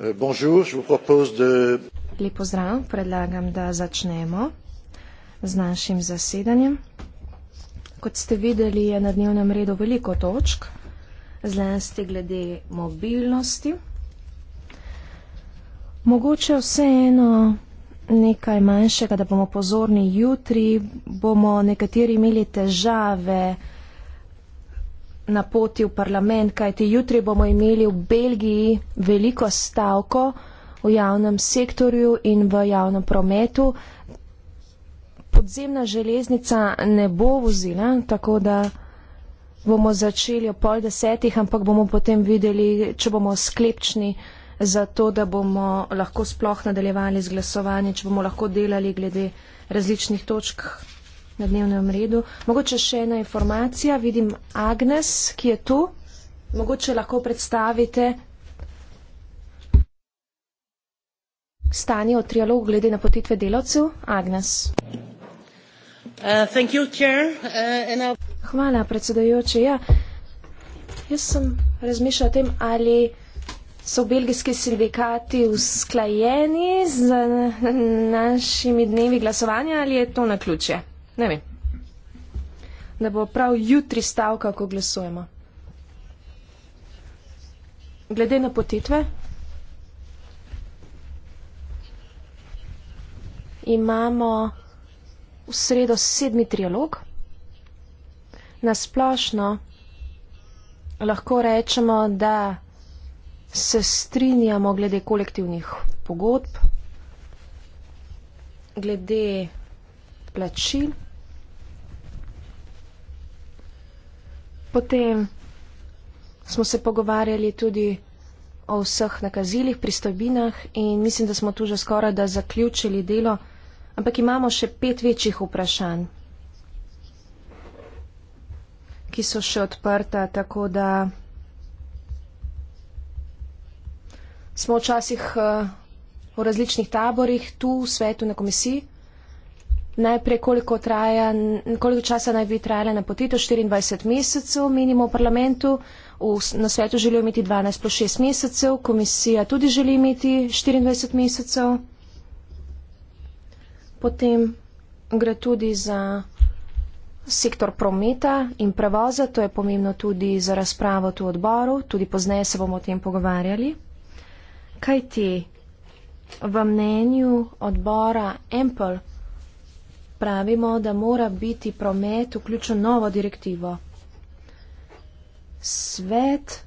Euh, Lep pozdrav, predlagam, da začnemo z našim zasedanjem. Kot ste videli, je na dnevnem redu veliko točk, zlasti glede mobilnosti. Mogoče vseeno nekaj manjšega, da bomo pozorni jutri, bomo nekateri imeli težave, na poti v parlament, kajti jutri bomo imeli v Belgiji veliko stavko v javnem sektorju in v javnem prometu. Podzemna železnica ne bo vozila, tako da bomo začeli o pol desetih, ampak bomo potem videli, če bomo sklepčni za to, da bomo lahko sploh nadaljevali z glasovanjem, če bomo lahko delali glede različnih točk na dnevnem redu. Mogoče še ena informacija, vidim Agnes, ki je tu. Mogoče lahko predstavite stanje o trialogu glede na potitve delavcev. Agnes. Uh, you, chair, uh, Hvala, predsedajoče. Ja, jaz sem razmišljala o tem, ali so belgijski sindikati usklajeni z našimi dnevi glasovanja ali je to na ključe ne vem, da bo prav jutri stavka, ko glasujemo. Glede na potitve imamo v sredo sedmi trialog. Nasplošno lahko rečemo, da se strinjamo glede kolektivnih pogodb, glede plačil Potem smo se pogovarjali tudi o vseh nakazilih, pristojbinah in mislim, da smo tu že skoraj da zaključili delo, ampak imamo še pet večjih vprašanj, ki so še odprta, tako da smo včasih eh, v različnih taborih, tu v svetu na komisiji. Najprej, koliko, traja, koliko časa naj bi trajala napotitev? 24 mesecev minimo v parlamentu, v, na svetu želijo imeti 12 plus 6 mesecev, komisija tudi želi imeti 24 mesecev. Potem gre tudi za sektor prometa in prevoza, to je pomembno tudi za razpravo tu odboru, tudi pozneje se bomo o tem pogovarjali. Kaj ti v mnenju odbora Ample? pravimo, da mora biti promet vključen novo direktivo. Svet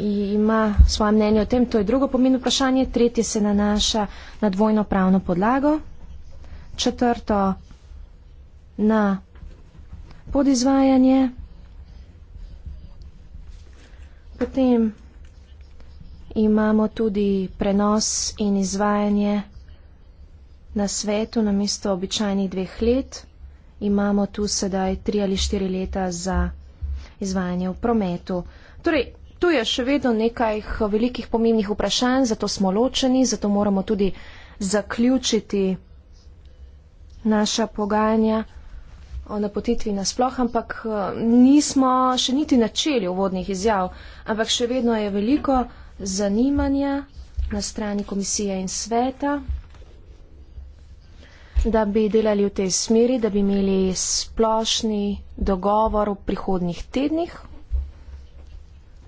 ima svoje mnenje o tem, to je drugo pomeno vprašanje, tretje se nanaša na dvojno pravno podlago, četrto na podizvajanje, potem imamo tudi prenos in izvajanje na svetu, namesto običajnih dveh let, imamo tu sedaj tri ali štiri leta za izvajanje v prometu. Torej, tu je še vedno nekaj velikih pomembnih vprašanj, zato smo ločeni, zato moramo tudi zaključiti naša pogajanja o napotitvi nasploh, ampak eh, nismo še niti načeli uvodnih izjav, ampak še vedno je veliko zanimanja na strani komisije in sveta da bi delali v tej smeri, da bi imeli splošni dogovor v prihodnjih tednih.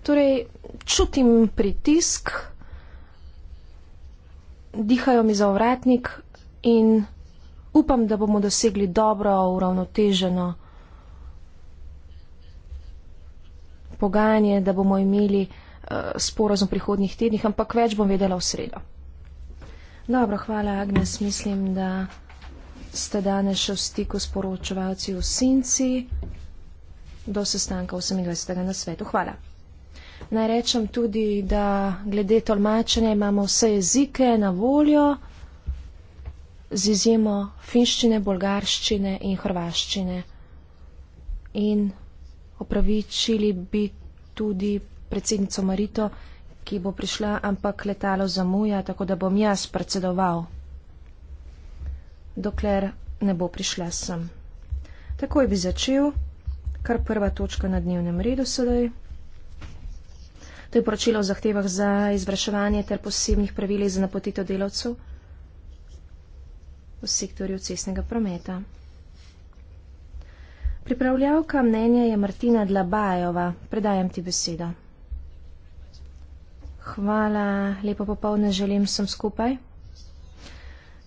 Torej, čutim pritisk, dihajo mi zavratnik in upam, da bomo dosegli dobro, uravnoteženo pogajanje, da bomo imeli uh, eh, sporozum prihodnjih tednih, ampak več bom vedela v sredo. Dobro, hvala, Agnes, mislim, da ste danes še v stiku s poročevalci v Sinci do sestanka 28. na svetu. Hvala. Naj rečem tudi, da glede tolmačenja imamo vse jezike na voljo z izjemo finščine, bolgarščine in hrvaščine. In opravičili bi tudi predsednico Marito, ki bo prišla, ampak letalo zamuja, tako da bom jaz predsedoval dokler ne bo prišla sem. Takoj bi začel, kar prva točka na dnevnem redu sedaj. To je poročilo o zahtevah za izvrševanje ter posebnih pravilih za napotitev delavcev v sektorju cestnega prometa. Pripravljavka mnenja je Martina Dlabajova. Predajam ti besedo. Hvala, lepo popovdne želim sem skupaj.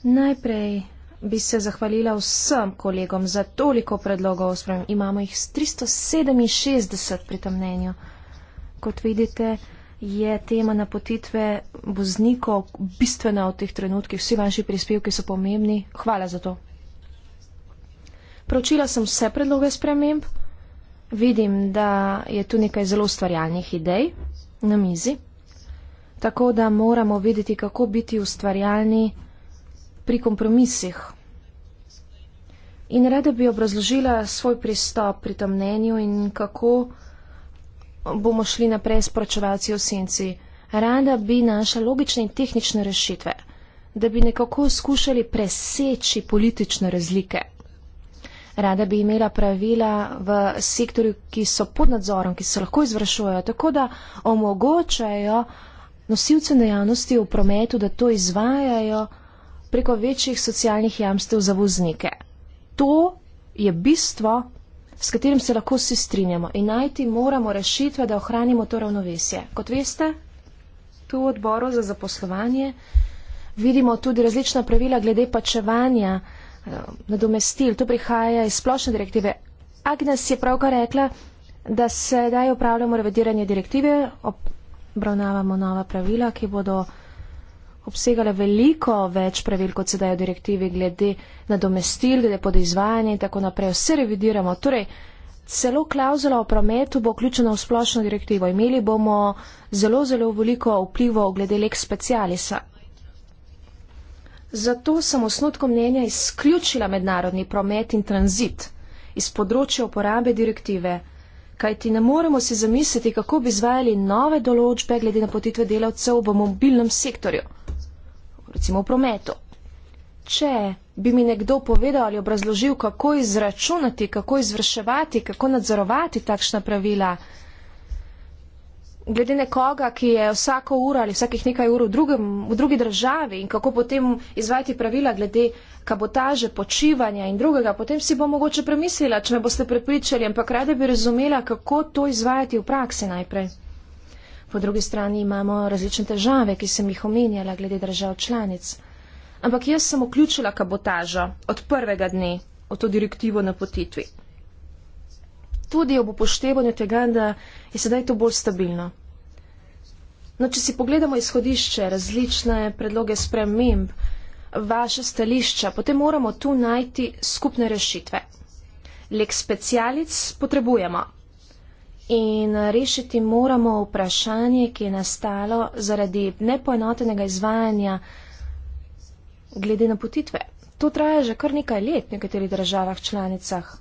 Najprej bi se zahvalila vsem kolegom za toliko predlogov. Sprem. Imamo jih 367 pri tem mnenju. Kot vidite, je tema napotitve voznikov bistvena v teh trenutkih. Vsi vaši prispevki so pomembni. Hvala za to. Pročila sem vse predloge sprememb. Vidim, da je tu nekaj zelo ustvarjalnih idej na mizi. Tako da moramo videti, kako biti ustvarjalni pri kompromisih. In rada bi obrazložila svoj pristop pri tem mnenju in kako bomo šli naprej s poročevalci v senci. Rada bi našla logične in tehnične rešitve, da bi nekako skušali preseči politične razlike. Rada bi imela pravila v sektorju, ki so pod nadzorom, ki se lahko izvršujejo, tako da omogočajo nosilce dejavnosti v prometu, da to izvajajo preko večjih socialnih jamstev za voznike. To je bistvo, s katerim se lahko vsi strinjamo in najti moramo rešitve, da ohranimo to ravnovesje. Kot veste, tu v odboru za zaposlovanje vidimo tudi različna pravila glede pačevanja eh, nadomestil. To prihaja iz splošne direktive. Agnes je pravkar rekla, da se daj upravljamo revidiranje direktive, obravnavamo nova pravila, ki bodo obsegale veliko več pravil, kot se dajo direktivi glede nadomestil, glede podizvajanja in tako naprej. Vse revidiramo. Torej, celo klauzula o prometu bo vključena v splošno direktivo. Imeli bomo zelo, zelo veliko vplivo glede lek specialisa. Zato sem osnotko mnenja izključila mednarodni promet in tranzit iz področja uporabe direktive, kajti ne moremo si zamisliti, kako bi izvajali nove določbe glede napotitve delavcev v mobilnem sektorju recimo v prometu. Če bi mi nekdo povedal ali obrazložil, kako izračunati, kako izvrševati, kako nadzorovati takšna pravila, glede nekoga, ki je vsako uro ali vsakih nekaj ur v, drugem, v drugi državi in kako potem izvajati pravila glede kabotaže, počivanja in drugega, potem si bo mogoče premislila, če me boste prepričali, ampak rada bi razumela, kako to izvajati v praksi najprej. Po drugi strani imamo različne težave, ki sem jih omenjala glede držav članic. Ampak jaz sem vključila kabotažo od prvega dne o to direktivo na potitvi. Tudi ob upoštevanju tega, da je sedaj to bolj stabilno. No, če si pogledamo izhodišče, različne predloge sprememb, vaše stališča, potem moramo tu najti skupne rešitve. Lek specialic potrebujemo, in rešiti moramo vprašanje, ki je nastalo zaradi nepoenotenega izvajanja glede na potitve. To traja že kar nekaj let v nekaterih državah članicah.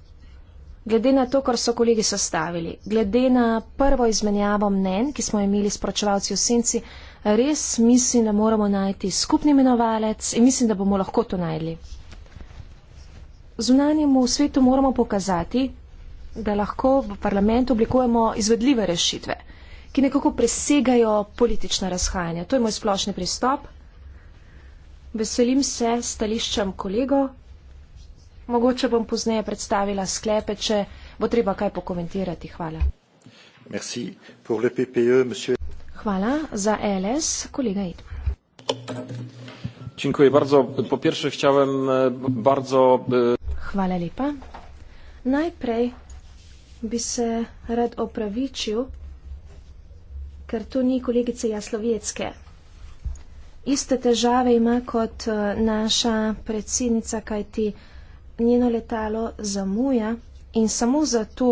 Glede na to, kar so kolegi sestavili, glede na prvo izmenjavo mnen, ki smo imeli s pročevalci v senci, res mislim, da moramo najti skupni imenovalec in mislim, da bomo lahko to najdli. Zunanjemu svetu moramo pokazati, da lahko v parlamentu oblikujemo izvedljive rešitve, ki nekako presegajo politična razhajanja. To je moj splošni pristop. Veselim se stališčem kolego. Mogoče bom pozneje predstavila sklepe, če bo treba kaj pokomentirati. Hvala. Merci. Pour le PPE, monsieur... Hvala za e LS, kolega Id. Dziękuję bardzo. Po pierwsze chciałem e, bardzo... E, Hvala lepa. Najprej bi se rad opravičil, ker to ni kolegice Jaslovjecke. Iste težave ima kot eh, naša predsednica, kajti njeno letalo zamuja in samo zato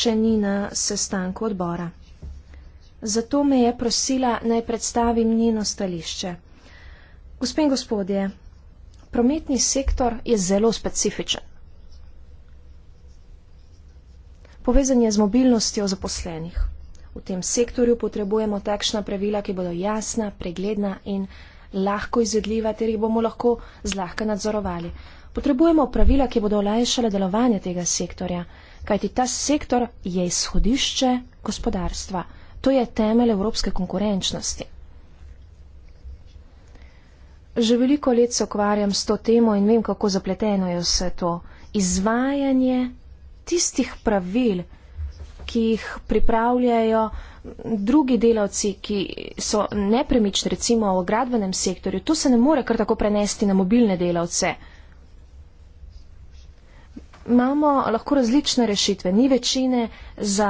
še ni na sestanku odbora. Zato me je prosila, naj predstavim njeno stališče. Gospe in gospodje, prometni sektor je zelo specifičen. Povezan je z mobilnostjo zaposlenih. V tem sektorju potrebujemo takšna pravila, ki bodo jasna, pregledna in lahko izvedljiva, ter jih bomo lahko zlahka nadzorovali. Potrebujemo pravila, ki bodo olajšale delovanje tega sektorja, kajti ta sektor je izhodišče gospodarstva. To je temelj evropske konkurenčnosti. Že veliko let se okvarjam s to temo in vem, kako zapleteno je vse to. Izvajanje tistih pravil, ki jih pripravljajo drugi delavci, ki so nepremični, recimo v gradbenem sektorju, to se ne more kar tako prenesti na mobilne delavce. Imamo lahko različne rešitve, ni večine za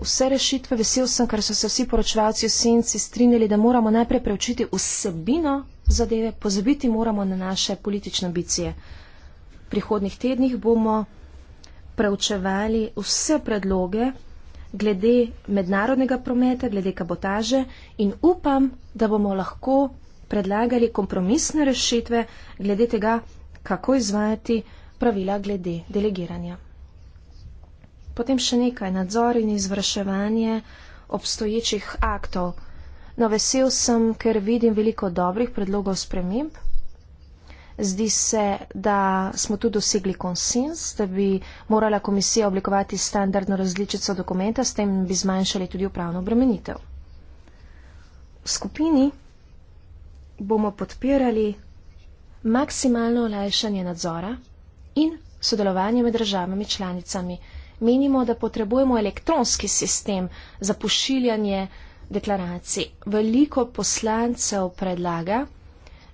vse rešitve. Vesel sem, ker so se vsi poročevalci v senci strinjali, da moramo najprej preučiti vsebino zadeve, pozabiti moramo na naše politične ambicije. V prihodnih tednih bomo preučevali vse predloge glede mednarodnega prometa, glede kabotaže in upam, da bomo lahko predlagali kompromisne rešitve glede tega, kako izvajati pravila glede delegiranja. Potem še nekaj nadzor in izvrševanje obstoječih aktov. No, vesel sem, ker vidim veliko dobrih predlogov sprememb, Zdi se, da smo tu dosegli konsens, da bi morala komisija oblikovati standardno različico dokumenta, s tem bi zmanjšali tudi upravno obremenitev. V skupini bomo podpirali maksimalno olajšanje nadzora in sodelovanje med državami članicami. Menimo, da potrebujemo elektronski sistem za pošiljanje deklaracij. Veliko poslancev predlaga,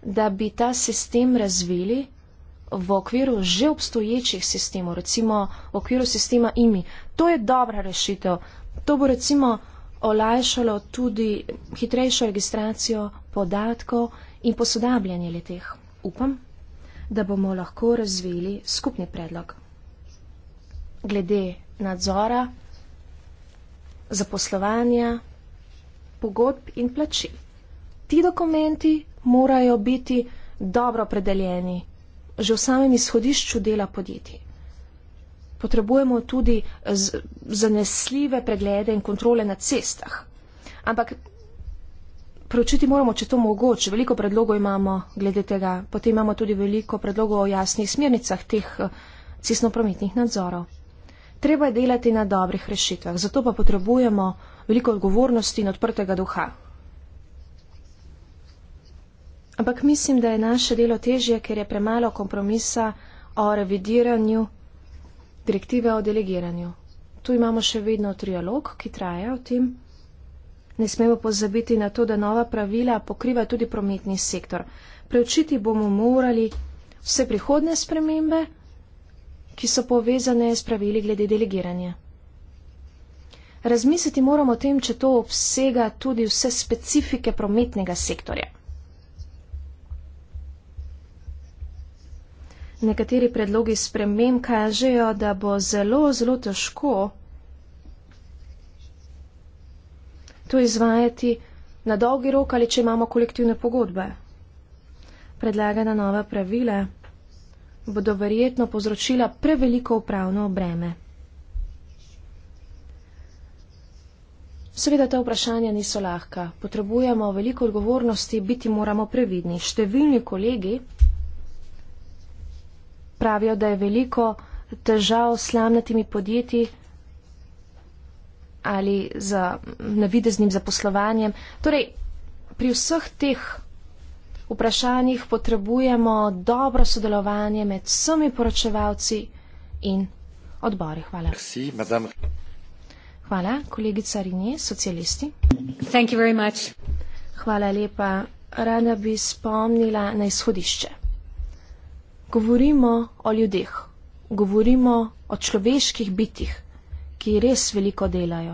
da bi ta sistem razvili v okviru že obstoječih sistemov, recimo v okviru sistema IMI. To je dobra rešitev. To bo recimo olajšalo tudi hitrejšo registracijo podatkov in posodabljanje leteh. Upam, da bomo lahko razvili skupni predlog. Glede nadzora, zaposlovanja, pogodb in plačil. Ti dokumenti morajo biti dobro predeljeni že v samem izhodišču dela podjetij. Potrebujemo tudi zanesljive preglede in kontrole na cestah. Ampak preučiti moramo, če to mogoče. Veliko predlogov imamo glede tega. Potem imamo tudi veliko predlogov o jasnih smernicah teh eh, cestno-prometnih nadzorov. Treba je delati na dobrih rešitvah. Zato pa potrebujemo veliko odgovornosti in odprtega duha. Ampak mislim, da je naše delo težje, ker je premalo kompromisa o revidiranju direktive o delegiranju. Tu imamo še vedno trialog, ki traja v tem. Ne smemo pozabiti na to, da nova pravila pokriva tudi prometni sektor. Preučiti bomo morali vse prihodne spremembe, ki so povezane s pravili glede delegiranja. Razmisliti moramo o tem, če to obsega tudi vse specifike prometnega sektorja. nekateri predlogi spremem kažejo, da bo zelo, zelo težko to izvajati na dolgi rok ali če imamo kolektivne pogodbe. Predlagana nova pravila bodo verjetno povzročila preveliko upravno breme. Seveda ta vprašanja niso lahka. Potrebujemo veliko odgovornosti, biti moramo previdni. Številni kolegi pravijo, da je veliko težav s slamnatimi podjetji ali z navideznim zaposlovanjem. Torej, pri vseh teh vprašanjih potrebujemo dobro sodelovanje med vsemi poročevalci in odbori. Hvala. Merci, Hvala, kolegica Rinje, socialisti. Thank you very much. Hvala lepa. Rada bi spomnila na izhodišče. Govorimo o ljudeh, govorimo o človeških bitjih, ki res veliko delajo.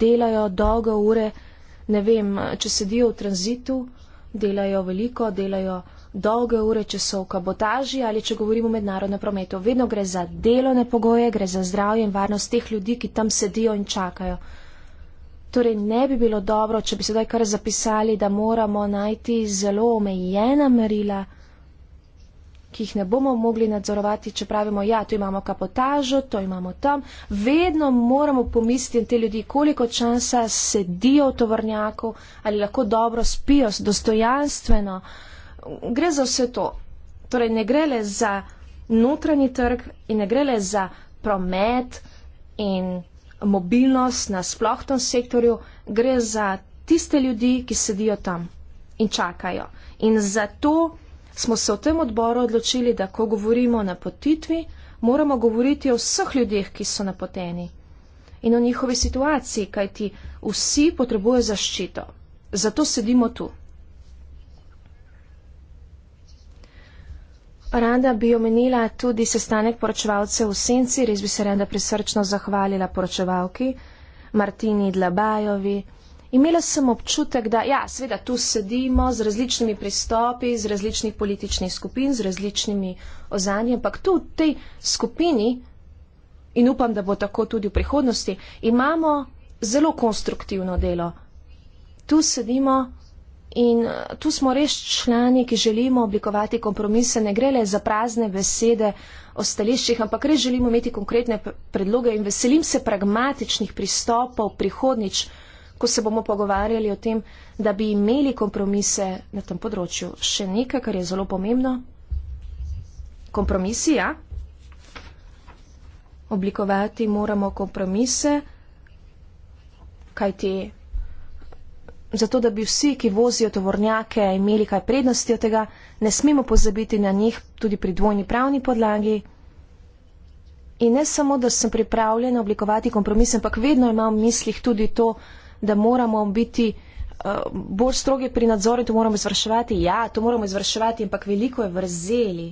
Delajo dolge ure, ne vem, če sedijo v tranzitu, delajo veliko, delajo dolge ure, če so v kabotaži ali če govorimo o mednarodnem prometu. Vedno gre za delovne pogoje, gre za zdravje in varnost teh ljudi, ki tam sedijo in čakajo. Torej, ne bi bilo dobro, če bi sedaj kar zapisali, da moramo najti zelo omejena merila ki jih ne bomo mogli nadzorovati, če pravimo, ja, tu imamo kapotažo, to imamo tam. Vedno moramo pomisliti na te ljudi, koliko časa sedijo v tovrnjaku, ali lahko dobro spijo, dostojanstveno. Gre za vse to. Torej, ne gre le za notranji trg in ne gre le za promet in mobilnost na splohtem sektorju, gre za tiste ljudi, ki sedijo tam in čakajo. In zato smo se v tem odboru odločili, da ko govorimo o napotitvi, moramo govoriti o vseh ljudeh, ki so napoteni in o njihovi situaciji, kajti vsi potrebujo zaščito. Zato sedimo tu. Rada bi omenila tudi sestanek poročevalcev v Senci, res bi se rada prisrčno zahvalila poročevalki Martini Dlabajovi. Imela sem občutek, da ja, seveda tu sedimo z različnimi pristopi, z različnih političnih skupin, z različnimi ozanji, ampak tu v tej skupini, in upam, da bo tako tudi v prihodnosti, imamo zelo konstruktivno delo. Tu sedimo in eh, tu smo res člani, ki želimo oblikovati kompromise, ne gre le za prazne besede o stališčih, ampak res želimo imeti konkretne predloge in veselim se pragmatičnih pristopov prihodnič ko se bomo pogovarjali o tem, da bi imeli kompromise na tem področju. Še nekaj, kar je zelo pomembno. Kompromisi, ja. Oblikovati moramo kompromise, kajti zato, da bi vsi, ki vozijo tovornjake, imeli kaj prednosti od tega, ne smemo pozabiti na njih tudi pri dvojni pravni podlagi. In ne samo, da sem pripravljena oblikovati kompromise, ampak vedno imam v mislih tudi to, da moramo biti eh, bolj strogi pri nadzoru in to moramo izvrševati. Ja, to moramo izvrševati, ampak veliko je vrzeli.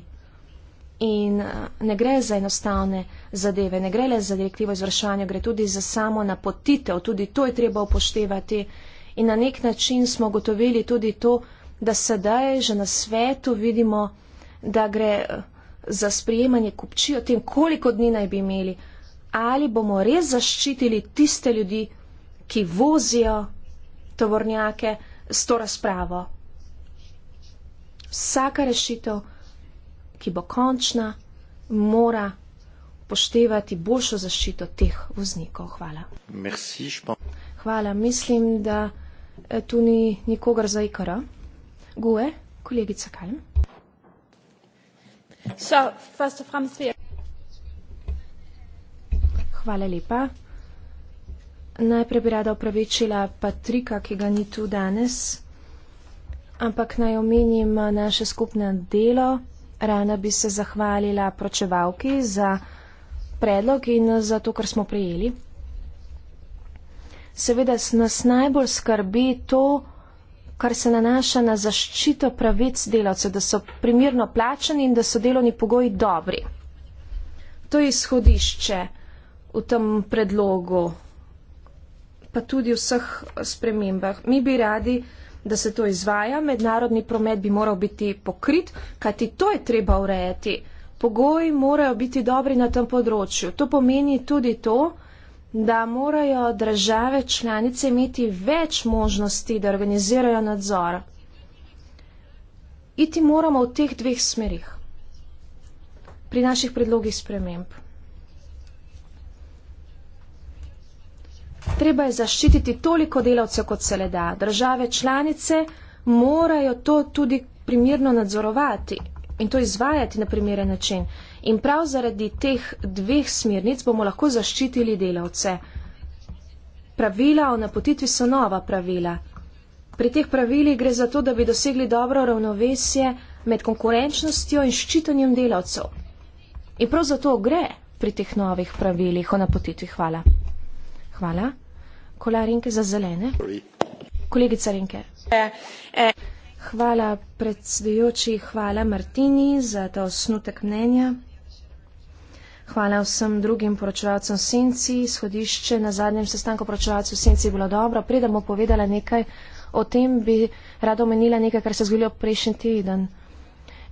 In eh, ne gre za enostavne zadeve, ne gre le za direktivo izvrševanja, gre tudi za samo napotitev, tudi to je treba upoštevati. In na nek način smo gotovili tudi to, da sedaj že na svetu vidimo, da gre eh, za sprijemanje kupčijo tem, koliko dni naj bi imeli, ali bomo res zaščitili tiste ljudi, ki vozijo tovornjake s to razpravo. Vsaka rešitev, ki bo končna, mora poštevati boljšo zaščito teh voznikov. Hvala. Merci, Hvala. Mislim, da eh, tu ni nikogar za ikara. Gue, kolegica Kalm. So, first of all, Hvala lepa. Najprej bi rada opravičila Patrika, ki ga ni tu danes, ampak naj omenim naše skupne delo. Rana bi se zahvalila pročevalki za predlog in za to, kar smo prijeli. Seveda nas najbolj skrbi to, kar se nanaša na zaščito pravic delavcev, da so primirno plačeni in da so delovni pogoji dobri. To je izhodišče v tem predlogu pa tudi o vseh spremembah. Mi bi radi, da se to izvaja, mednarodni promet bi moral biti pokrit, kajti to je treba urejati. Pogoji morajo biti dobri na tem področju. To pomeni tudi to, da morajo države članice imeti več možnosti, da organizirajo nadzor. Iti moramo v teh dveh smerih pri naših predlogih sprememb. Treba je zaščititi toliko delavcev, kot se le da. Države članice morajo to tudi primirno nadzorovati in to izvajati na primeren način. In prav zaradi teh dveh smernic bomo lahko zaščitili delavce. Pravila o napotitvi so nova pravila. Pri teh pravilih gre za to, da bi dosegli dobro ravnovesje med konkurenčnostjo in ščitanjem delavcev. In prav zato gre pri teh novih pravilih o napotitvi. Hvala. Hvala. Kolar Renke za zelene. Kolegica Renke. E, e. Hvala predsedujoči, hvala Martini za ta osnutek mnenja. Hvala vsem drugim poročevalcem Senci. Shodišče na zadnjem sestanku poročevalcev Senci je bilo dobro. Predem bo povedala nekaj o tem, bi rada omenila nekaj, kar se je zgodilo prejšnji teden.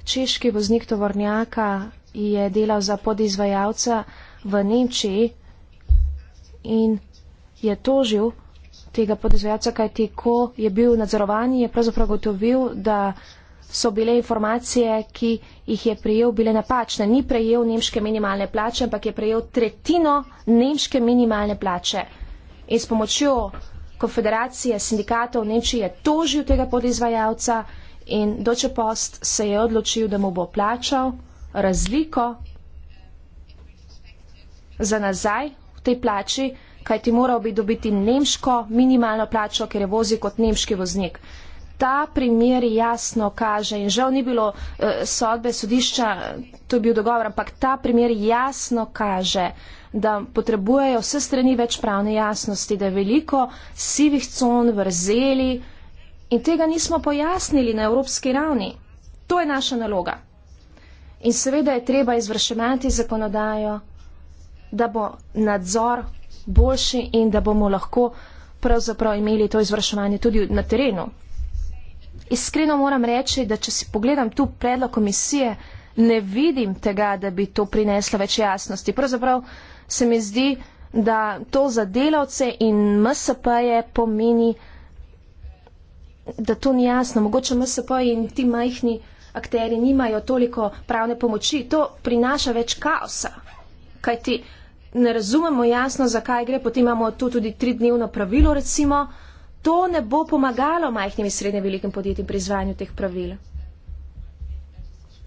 Češki voznik tovornjaka je delal za podizvajalca v Nemčiji in je tožil tega podizvajalca, kajti ko je bil nadzorovan, je pravzaprav gotovil, da so bile informacije, ki jih je prejel, bile napačne. Ni prejel nemške minimalne plače, ampak je prejel tretjino nemške minimalne plače. In s pomočjo konfederacije sindikatov Nemčije je tožil tega podizvajalca in Doče Post se je odločil, da mu bo plačal razliko za nazaj v tej plači kajti moral bi dobiti nemško minimalno plačo, ker je vozil kot nemški voznik. Ta primer jasno kaže in žal ni bilo eh, sodbe sodišča, to je bil dogovor, ampak ta primer jasno kaže, da potrebujejo vse strani več pravne jasnosti, da je veliko sivih con vrzeli in tega nismo pojasnili na evropski ravni. To je naša naloga. In seveda je treba izvrševati zakonodajo, da bo nadzor boljši in da bomo lahko pravzaprav imeli to izvrševanje tudi na terenu. Iskreno moram reči, da če si pogledam tu predlog komisije, ne vidim tega, da bi to prineslo več jasnosti. Pravzaprav se mi zdi, da to za delavce in MSP je pomeni, da to ni jasno. Mogoče MSP in ti majhni akteri nimajo toliko pravne pomoči. To prinaša več kaosa. Kaj ti? ne razumemo jasno, zakaj gre, potem imamo tu tudi tridnevno pravilo, recimo, to ne bo pomagalo majhnim in srednjim velikim podjetjem pri izvajanju teh pravil.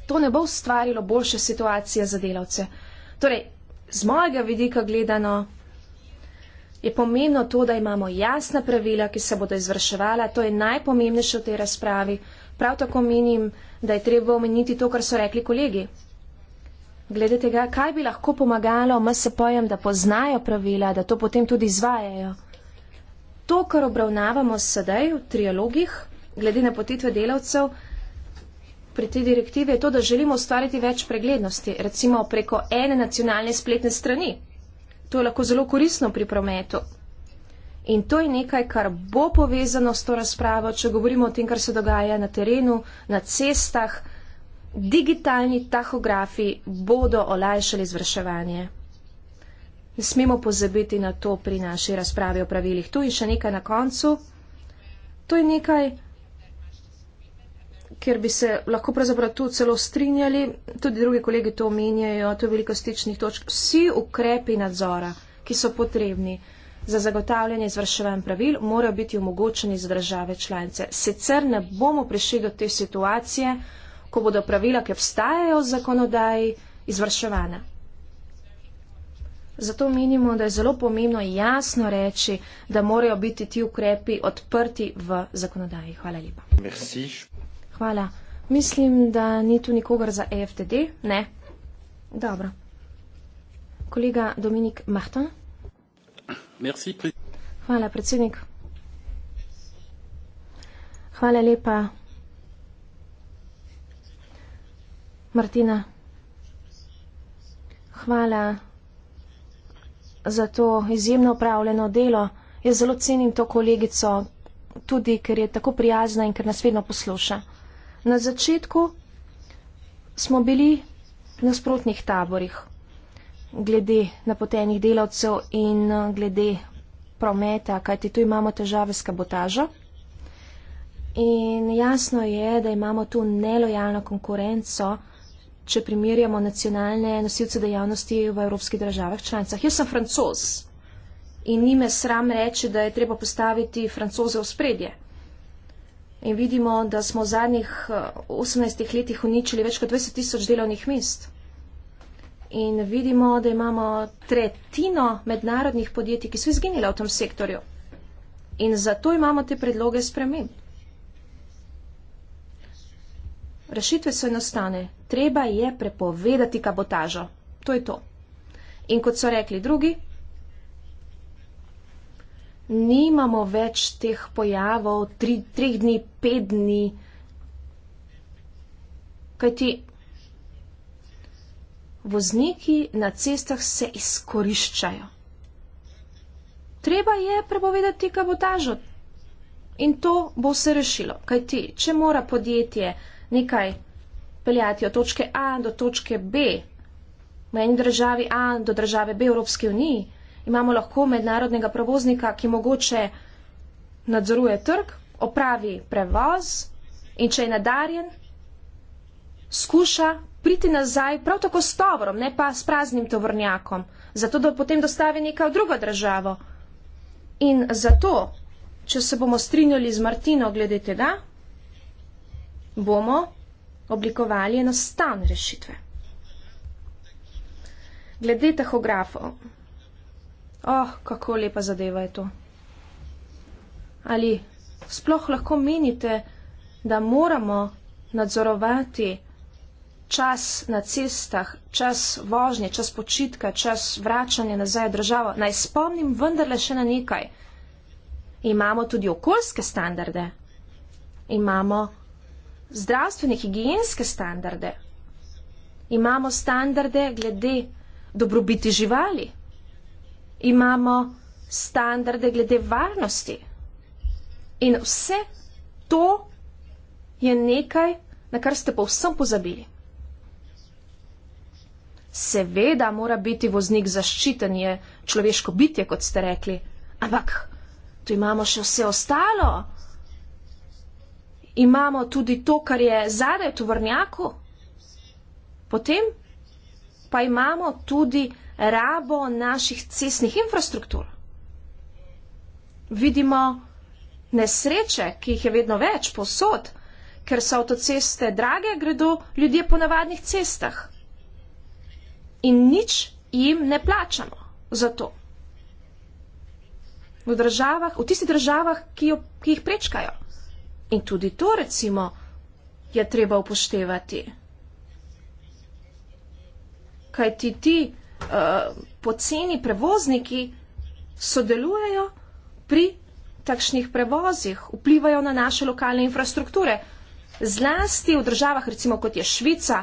To ne bo ustvarilo boljše situacije za delavce. Torej, z mojega vidika gledano, je pomembno to, da imamo jasna pravila, ki se bodo izvrševala, to je najpomembnejše v tej razpravi. Prav tako menim, da je treba omeniti to, kar so rekli kolegi glede tega, kaj bi lahko pomagalo MSP-jem, da poznajo pravila, da to potem tudi izvajajo. To, kar obravnavamo sedaj v trialogih, glede na potitve delavcev, pri tej direktivi je to, da želimo ustvariti več preglednosti, recimo preko ene nacionalne spletne strani. To je lahko zelo korisno pri prometu. In to je nekaj, kar bo povezano s to razpravo, če govorimo o tem, kar se dogaja na terenu, na cestah, digitalni tahografi bodo olajšali zvrševanje. Ne smemo pozabiti na to pri naši razpravi o pravilih. Tu je še nekaj na koncu. To je nekaj, kjer bi se lahko pravzaprav tu celo strinjali. Tudi drugi kolegi to omenjajo. To je veliko stičnih točk. Vsi ukrepi nadzora, ki so potrebni za zagotavljanje izvrševanj pravil, morajo biti omogočeni za države članice. Sicer ne bomo prišli do te situacije, ko bodo pravila, ki obstajajo v zakonodaji, izvrševana. Zato menimo, da je zelo pomembno jasno reči, da morajo biti ti ukrepi odprti v zakonodaji. Hvala lepa. Merci. Hvala. Mislim, da ni tu nikogar za EFTD. Ne. Dobro. Kolega Dominik Mahton. Merci. Hvala, predsednik. Hvala lepa. Martina, hvala za to izjemno upravljeno delo. Jaz zelo cenim to kolegico, tudi ker je tako prijazna in ker nas vedno posluša. Na začetku smo bili na sprotnih taborih glede napotenih delavcev in eh, glede prometa, kajti tu imamo težave s kabotažo. In jasno je, da imamo tu nelojalno konkurenco, če primerjamo nacionalne nosilce dejavnosti v evropskih državah članicah. Jaz sem francoz in ni me sram reči, da je treba postaviti francoze v spredje. In vidimo, da smo v zadnjih 18 eh, letih uničili več kot 20 tisoč delovnih mest. In vidimo, da imamo tretjino mednarodnih podjetij, ki so izginile v tem sektorju. In zato imamo te predloge spremenjen. Rešitve so enostavne, treba je prepovedati kabotažo. To je to. In kot so rekli drugi, nimamo več teh pojavov, tri, tri dni, pet dni, kajti vozniki na cestah se izkoriščajo. Treba je prepovedati kabotažo. In to bo se rešilo. Kajti, če mora podjetje nekaj peljati od točke A do točke B, v eni državi A do države B Evropske unije, imamo lahko mednarodnega prevoznika, ki mogoče nadzoruje trg, opravi prevoz in če je nadarjen, skuša priti nazaj prav tako s tovorom, ne pa s praznim tovornjakom, zato da potem dostavi nekaj v drugo državo. In zato, če se bomo strinjali z Martino glede tega, bomo oblikovali enostan rešitve. Glede tahografov. Oh, kako lepa zadeva je to. Ali sploh lahko menite, da moramo nadzorovati čas na cestah, čas vožnje, čas počitka, čas vračanja nazaj v državo? Naj spomnim vendarle še na nekaj. Imamo tudi okoljske standarde. Imamo zdravstvene higijenske standarde, imamo standarde glede dobrobiti živali, imamo standarde glede varnosti in vse to je nekaj, na kar ste povsem pozabili. Seveda mora biti voznik zaščitenje človeško bitje, kot ste rekli, ampak tu imamo še vse ostalo, imamo tudi to, kar je zadaj v vrnjaku, potem pa imamo tudi rabo naših cestnih infrastruktur. Vidimo nesreče, ki jih je vedno več posod, ker so avtoceste drage, gredo ljudje po navadnih cestah. In nič jim ne plačamo za to. V, državah, v tistih državah, ki, jo, ki jih prečkajo. In tudi to, recimo, je treba upoštevati. Kaj ti ti uh, eh, poceni prevozniki sodelujejo pri takšnih prevozih, vplivajo na naše lokalne infrastrukture. Zlasti v državah, recimo kot je Švica,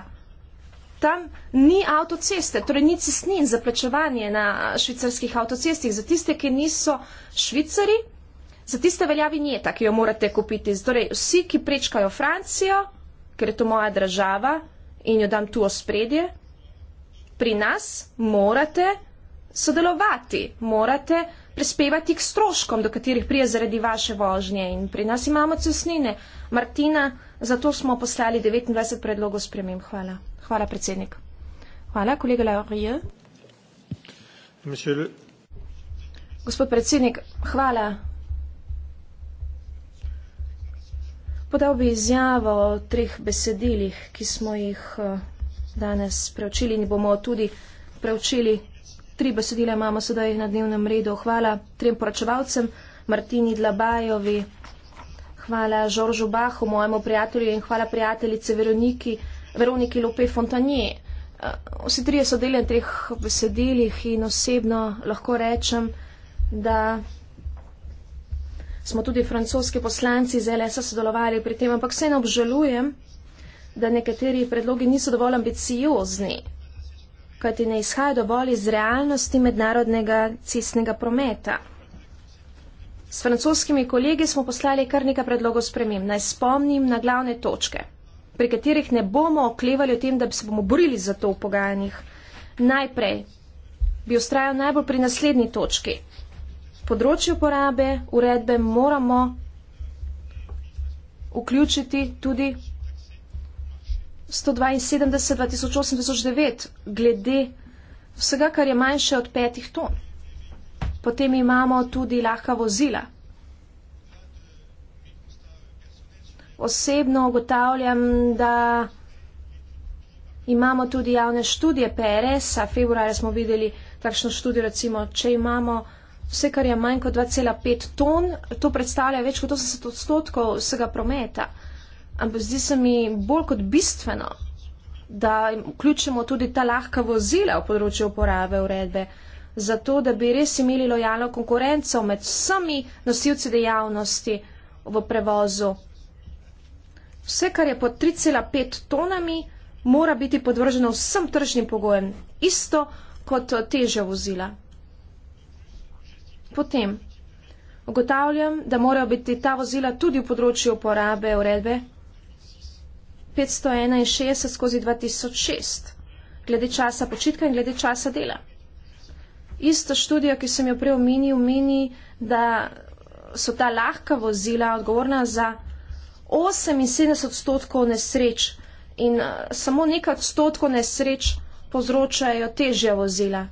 tam ni avtoceste, torej ni cestnin za plačevanje na švicarskih avtocestih. Za tiste, ki niso švicari, za tiste velja vinjeta, ki jo morate kupiti. Torej, vsi, ki prečkajo Francijo, ker je to moja država in jo dam tu ospredje, pri nas morate sodelovati, morate prispevati k stroškom, do katerih prije zaradi vaše vožnje in pri nas imamo cesnine. Martina, zato smo poslali 29 predlogov spremem. Hvala. Hvala, predsednik. Hvala, kolega Laurije. Monsieur... Gospod predsednik, hvala. Podal bi izjavo o treh besedilih, ki smo jih eh, danes preučili in bomo tudi preučili. Tri besedile imamo sedaj na dnevnem redu. Hvala trem poročevalcem, Martini Dlabajovi, hvala Žoržu Bahu, mojemu prijatelju in hvala prijateljice Veroniki, Veroniki Lope Fontanije. Eh, vsi trije so deljeni teh besedilih in osebno lahko rečem, da smo tudi francoski poslanci iz LSA sodelovali pri tem, ampak vseeno obžalujem, da nekateri predlogi niso dovolj ambiciozni, kajti ne izhaja dovolj iz realnosti mednarodnega cestnega prometa. S francoskimi kolegi smo poslali kar nekaj predlogov spremem. Naj spomnim na glavne točke, pri katerih ne bomo oklevali o tem, da bi se bomo borili za to v pogajanjih. Najprej bi ustrajal najbolj pri naslednji točki področju porabe uredbe moramo vključiti tudi 172.809 glede vsega, kar je manjše od petih ton. Potem imamo tudi lahka vozila. Osebno ugotavljam, da imamo tudi javne študije PRS-a. Februarja smo videli takšno študijo, recimo, če imamo vse, kar je manj kot 2,5 ton, to predstavlja več kot 80 odstotkov vsega prometa. Ampak zdi se mi bolj kot bistveno, da vključimo tudi ta lahka vozila v področju uporabe uredbe, zato da bi res imeli lojalno konkurenco med vsemi nosilci dejavnosti v prevozu. Vse, kar je pod 3,5 tonami, mora biti podvrženo vsem tržnim pogojem, isto kot teže vozila. Potem ugotavljam, da morajo biti ta vozila tudi v področju uporabe uredbe 561 skozi 2006, glede časa počitka in glede časa dela. Isto študijo, ki sem jo prej omenil, meni, da so ta lahka vozila odgovorna za 78 odstotkov nesreč in eh, samo nekaj odstotkov nesreč povzročajo težja vozila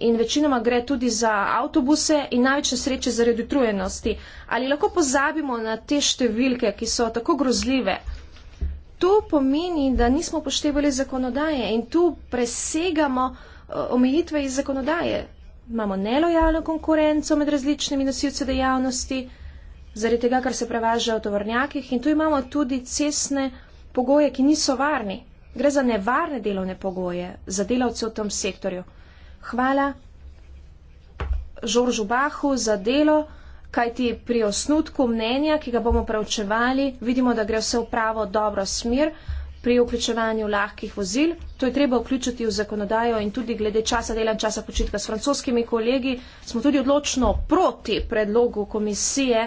in večinoma gre tudi za avtobuse in največje sreče zaradi utrujenosti. Ali lahko pozabimo na te številke, ki so tako grozljive? To pomeni, da nismo poštevali zakonodaje in tu presegamo eh, omejitve iz zakonodaje. Imamo nelojalno konkurenco med različnimi nosilci dejavnosti, zaradi tega, kar se prevaža v tovornjakih in tu imamo tudi cesne pogoje, ki niso varni. Gre za nevarne delovne pogoje za delavce v tem sektorju hvala Žoržu Bahu za delo, kajti pri osnutku mnenja, ki ga bomo preučevali, vidimo, da gre vse v pravo dobro smer pri vključevanju lahkih vozil. To je treba vključiti v zakonodajo in tudi glede časa dela in časa počitka s francoskimi kolegi smo tudi odločno proti predlogu komisije,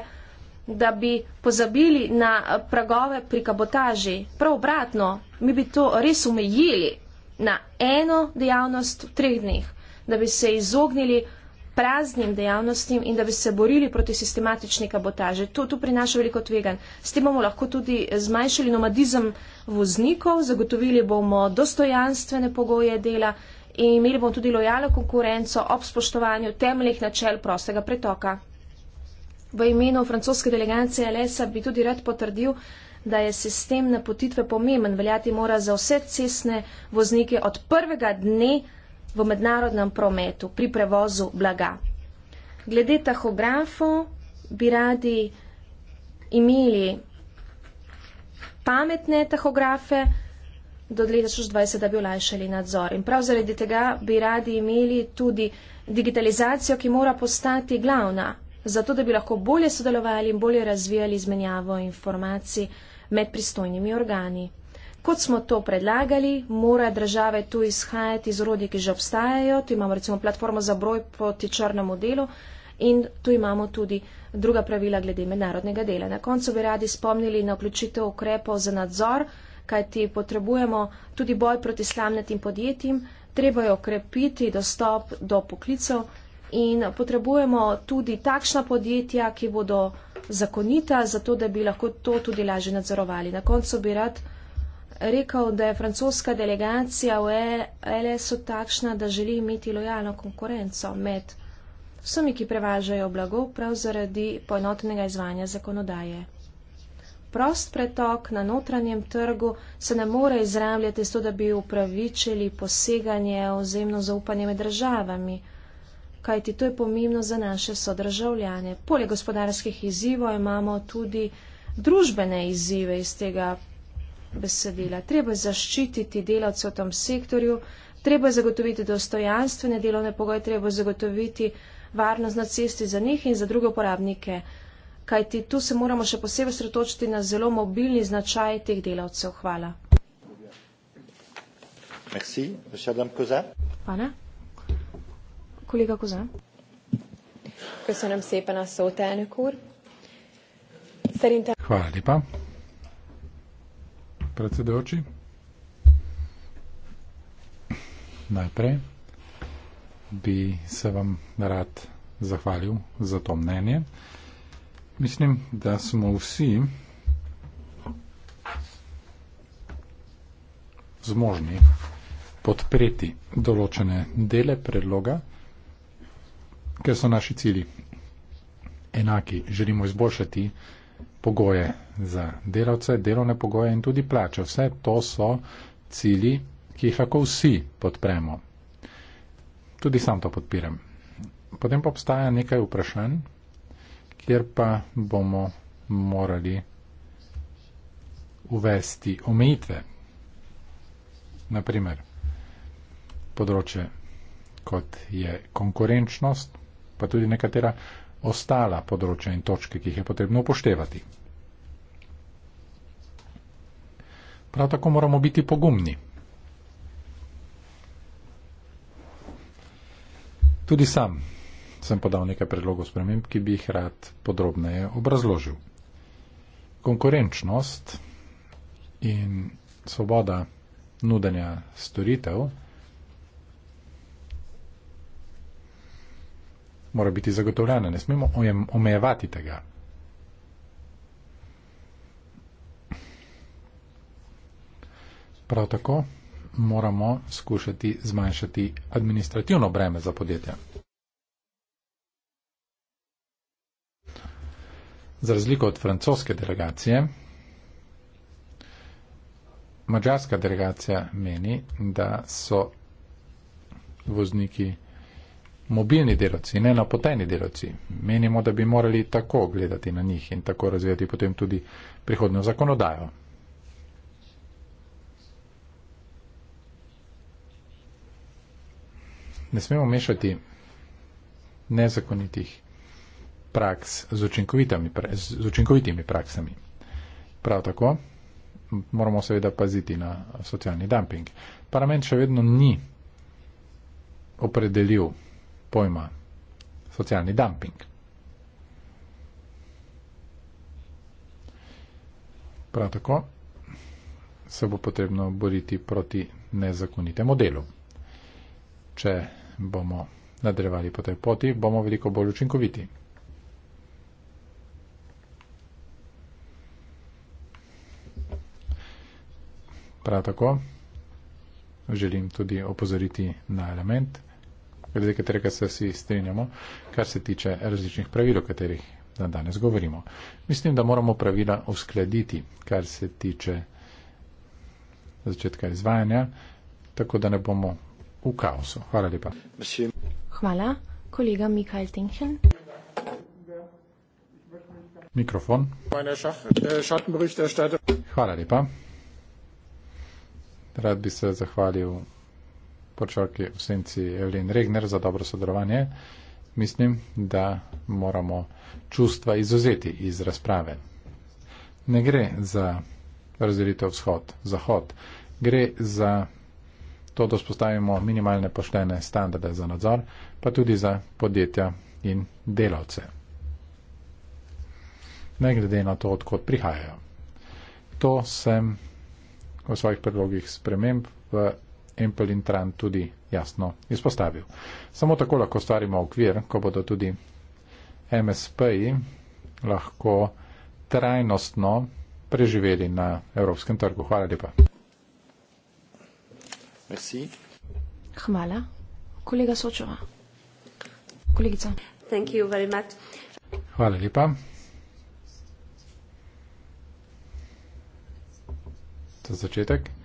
da bi pozabili na pragove pri kabotaži. Prav obratno, mi bi to res umejili na eno dejavnost v treh dneh da bi se izognili praznim dejavnostim in da bi se borili proti sistematični kabotaže. To tu prinaša veliko tveganj. S tem bomo lahko tudi zmanjšali nomadizem voznikov, zagotovili bomo dostojanstvene pogoje dela in imeli bomo tudi lojalno konkurenco ob spoštovanju temeljih načel prostega pretoka. V imenu francoske delegacije LSA bi tudi rad potrdil, da je sistem napotitve pomemben, veljati mora za vse cestne voznike od prvega dne v mednarodnem prometu pri prevozu blaga. Glede tahografov bi radi imeli pametne tahografe do leta 2020, da bi olajšali nadzor. In prav zaradi tega bi radi imeli tudi digitalizacijo, ki mora postati glavna, zato da bi lahko bolje sodelovali in bolje razvijali izmenjavo informacij med pristojnimi organi. Kot smo to predlagali, mora države tu izhajati iz orodij, ki že obstajajo. Tu imamo recimo platformo za broj proti črnemu delu in tu imamo tudi druga pravila glede mednarodnega dela. Na koncu bi radi spomnili na vključitev ukrepov za nadzor, kajti potrebujemo tudi boj proti slamnetim podjetjem, treba je okrepiti dostop do poklicov in potrebujemo tudi takšna podjetja, ki bodo zakonita, zato da bi lahko to tudi lažje nadzorovali. Na koncu bi rad rekel, da je francoska delegacija v LSO takšna, da želi imeti lojalno konkurenco med vsemi, ki prevažajo blago prav zaradi poenotnega izvanja zakonodaje. Prost pretok na notranjem trgu se ne more izravljati s to, da bi upravičili poseganje ozemno zaupanje med državami, kajti to je pomembno za naše sodržavljane. Poleg gospodarskih izzivov imamo tudi družbene izzive iz tega besedila. Treba zaščititi delavce v tom sektorju, treba zagotoviti dostojanstvene delovne pogoje, treba zagotoviti varnost na cesti za njih in za druge uporabnike. Kajti tu se moramo še posebej sretočiti na zelo mobilni značaj teh delavcev. Hvala. Merci, Hvala. Kolega Koza. Hvala lepa predsedujoči. Najprej bi se vam rad zahvalil za to mnenje. Mislim, da smo vsi zmožni podpreti določene dele predloga, ker so naši cili enaki. Želimo izboljšati pogoje za delavce, delovne pogoje in tudi plače. Vse to so cilji, ki jih lahko vsi podpremo. Tudi sam to podpiram. Potem pa obstaja nekaj vprašanj, kjer pa bomo morali uvesti omejitve. Naprimer, področje kot je konkurenčnost, pa tudi nekatera ostala področja in točke, ki jih je potrebno upoštevati. Prav tako moramo biti pogumni. Tudi sam sem podal nekaj predlogov sprememb, ki bi jih rad podrobneje obrazložil. Konkurenčnost in svoboda nudenja storitev mora biti zagotovljena, ne smemo omejevati tega. Prav tako moramo skušati zmanjšati administrativno breme za podjetja. Za razliko od francoske delegacije, mađarska delegacija meni, da so vozniki mobilni delavci, ne napoteni delavci. Menimo, da bi morali tako gledati na njih in tako razvijati potem tudi prihodnjo zakonodajo. Ne smemo mešati nezakonitih praks z, z učinkovitimi praksami. Prav tako moramo seveda paziti na socialni dumping. Parlament še vedno ni opredelil pojma socijalni dumping. Prav tako se bo potrebno boriti proti nezakonitemu delu. Če bomo nadrevali po tej poti, bomo veliko bolj učinkoviti. Prav tako želim tudi opozoriti na element, glede katerega se vsi strinjamo, kar se tiče različnih pravil, o katerih na danes govorimo. Mislim, da moramo pravila uskladiti, kar se tiče začetka izvajanja, tako da ne bomo v kaosu. Hvala lepa. Hvala, kolega Mikael Tinchen. Mikrofon. Äh, Hvala lepa. Rad bi se zahvalil Počrki v senci Evelin Regner za dobro sodelovanje. Mislim, da moramo čustva izuzeti iz razprave. Ne gre za razdelitev vzhod-zahod. Gre za to, da spostavimo minimalne poštene standarde za nadzor, pa tudi za podjetja in delavce. Ne glede na to, odkot prihajajo. To sem v svojih predlogih sprememb v Empel in Tran tudi jasno izpostavil. Samo tako lahko stvarimo okvir, ko bodo tudi MSP-ji lahko trajnostno preživeli na evropskem trgu. Hvala lepa. Merci. Hvala. Kolega Sočova. Kolegica. Thank you very much. Hvala lepa. To začetek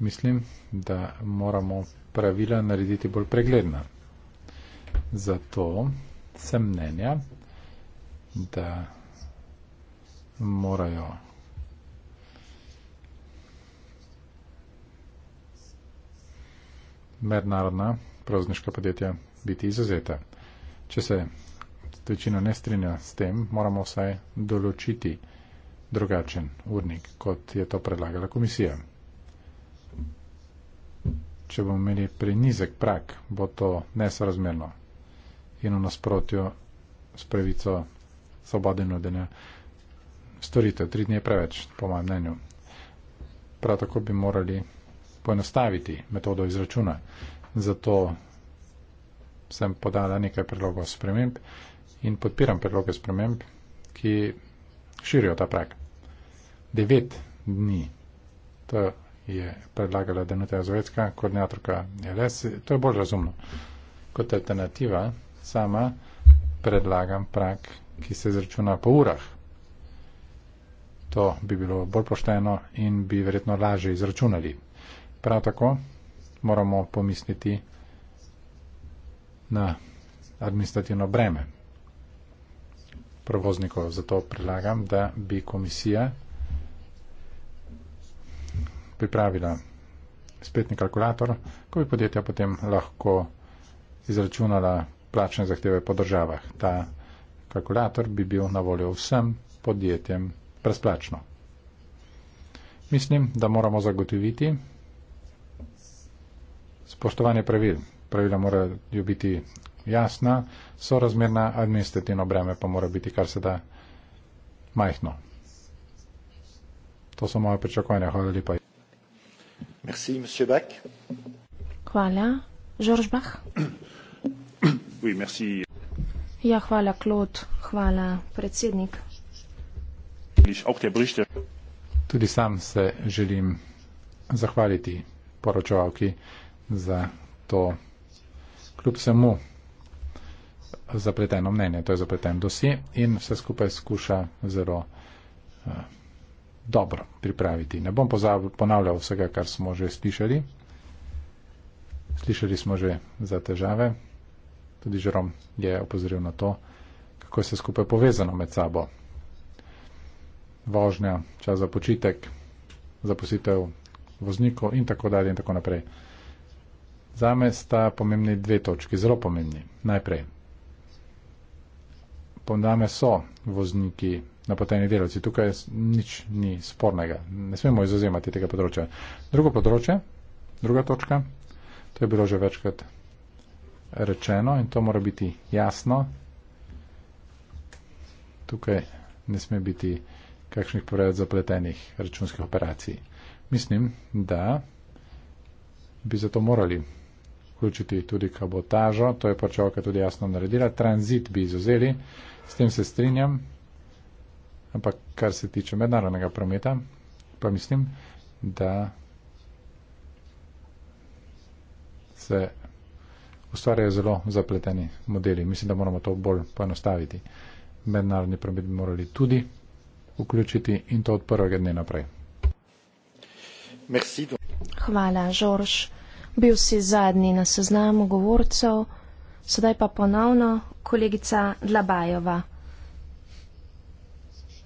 mislim, da moramo pravila narediti bolj pregledna. Zato sem mnenja, da morajo mednarodna prevozniška podjetja biti izuzeta. Če se večina ne strinja s tem, moramo vsaj določiti drugačen urnik, kot je to predlagala komisija če bomo imeli prenizek prak, bo to nesrazmerno in v nasprotju s pravico svobode nudenja storitev. Tri dni je preveč, po mojem mnenju. Prav tako bi morali poenostaviti metodo izračuna. Zato sem podala nekaj predlogov sprememb in podpiram predloge sprememb, ki širijo ta prak. 9 dni. To je je predlagala Denuta Jazovecka, koordinatorka LS. To je bolj razumno. Kot alternativa sama predlagam prak, ki se izračuna po urah. To bi bilo bolj pošteno in bi verjetno lažje izračunali. Prav tako moramo pomisliti na administrativno breme prevoznikov. Zato predlagam, da bi komisija pripravila spletni kalkulator, ko bi podjetja potem lahko izračunala plačne zahteve po državah. Ta kalkulator bi bil na voljo vsem podjetjem brezplačno. Mislim, da moramo zagotoviti spoštovanje pravil. Pravila morajo biti jasna, sorazmerna, administrativno breme pa mora biti kar se da majhno. To so moje pričakovanja. Hvala lepa. Merci, Monsieur Bach. Hvala. Georges Bach. Oui, merci. Ja, hvala, Claude. Hvala, predsednik. Tudi sam se želim zahvaliti poročevalki za to, kljub vsemu zapleteno mnenje, to je zapleten dosi in vse skupaj skuša zelo uh, dobro pripraviti. Ne bom ponavljal vsega, kar smo že slišali. Slišali smo že za težave. Tudi Žerom je opozoril na to, kako je se skupaj povezano med sabo. Vožnja, čas za počitek, zapositev voznikov in tako dalje in tako naprej. Za me sta pomembni dve točki, zelo pomembni. Najprej, pomembne so vozniki napoteni delavci. Tukaj nič ni spornega. Ne smemo izuzemati tega področja. Drugo področje, druga točka, to je bilo že večkrat rečeno in to mora biti jasno. Tukaj ne sme biti kakšnih preveč zapletenih računskih operacij. Mislim, da bi zato morali vključiti tudi kabotažo, to je pač oka tudi jasno naredila, tranzit bi izuzeli, s tem se strinjam, ampak kar se tiče mednarodnega prometa, pa mislim, da se ustvarjajo zelo zapleteni modeli. Mislim, da moramo to bolj poenostaviti. Mednarodni promet bi morali tudi vključiti in to od prvega dne naprej. Hvala, Žorž. Bil si zadnji na seznamu govorcev, sedaj pa ponovno kolegica Dlabajova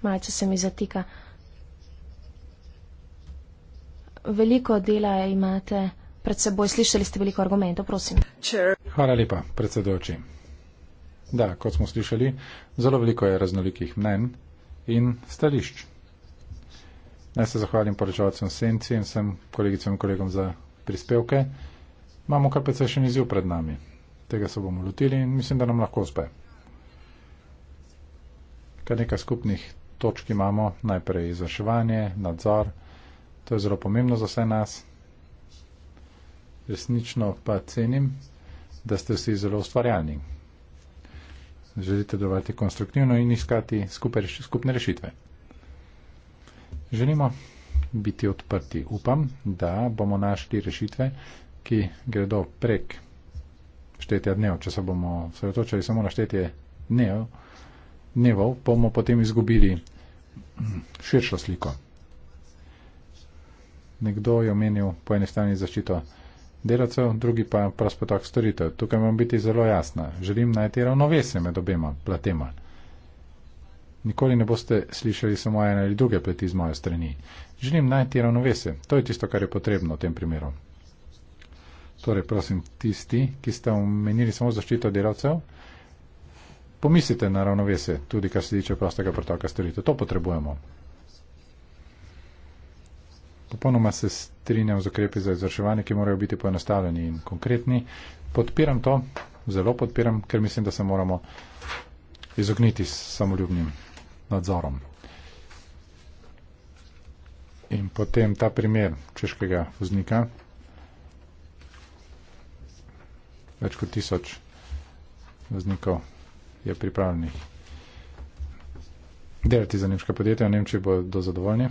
malce se mi zatika. Veliko dela imate pred seboj, slišali ste veliko argumentov, prosim. Hvala lepa, predsedujoči. Da, kot smo slišali, zelo veliko je raznolikih mnen in stališč. Naj se zahvalim poročevalcem Senci in vsem kolegicam in kolegom za prispevke. Imamo kar precej še izziv pred nami. Tega se bomo lotili in mislim, da nam lahko uspe. Kar nekaj skupnih točki imamo najprej izvrševanje, nadzor. To je zelo pomembno za vse nas. Resnično pa cenim, da ste vsi zelo ustvarjalni. Želite delovati konstruktivno in iskati skupaj, skupne rešitve. Želimo biti odprti. Upam, da bomo našli rešitve, ki gredo prek štetja dnev, če se bomo sredotočili samo na štetje dnev dnevov, bomo potem izgubili širšo sliko. Nekdo je omenil po eni strani zaščito delavcev, drugi pa prospotok storitev. Tukaj moram biti zelo jasna. Želim najti ravnovesje med obema platema. Nikoli ne boste slišali samo ene ali druge pleti z moje strani. Želim najti ravnovesje. To je tisto, kar je potrebno v tem primeru. Torej, prosim, tisti, ki ste omenili samo zaščito delavcev, pomislite na ravnovesje, tudi kar se tiče prostega pretoka storitev. To potrebujemo. Popolnoma se strinjam z ukrepi za izvrševanje, ki morajo biti poenostavljeni in konkretni. Podpiram to, zelo podpiram, ker mislim, da se moramo izogniti s samoljubnim nadzorom. In potem ta primer češkega voznika, več kot tisoč voznikov je pripravljenih delati za nemška podjetja, v Nemčiji bo do zadovoljni.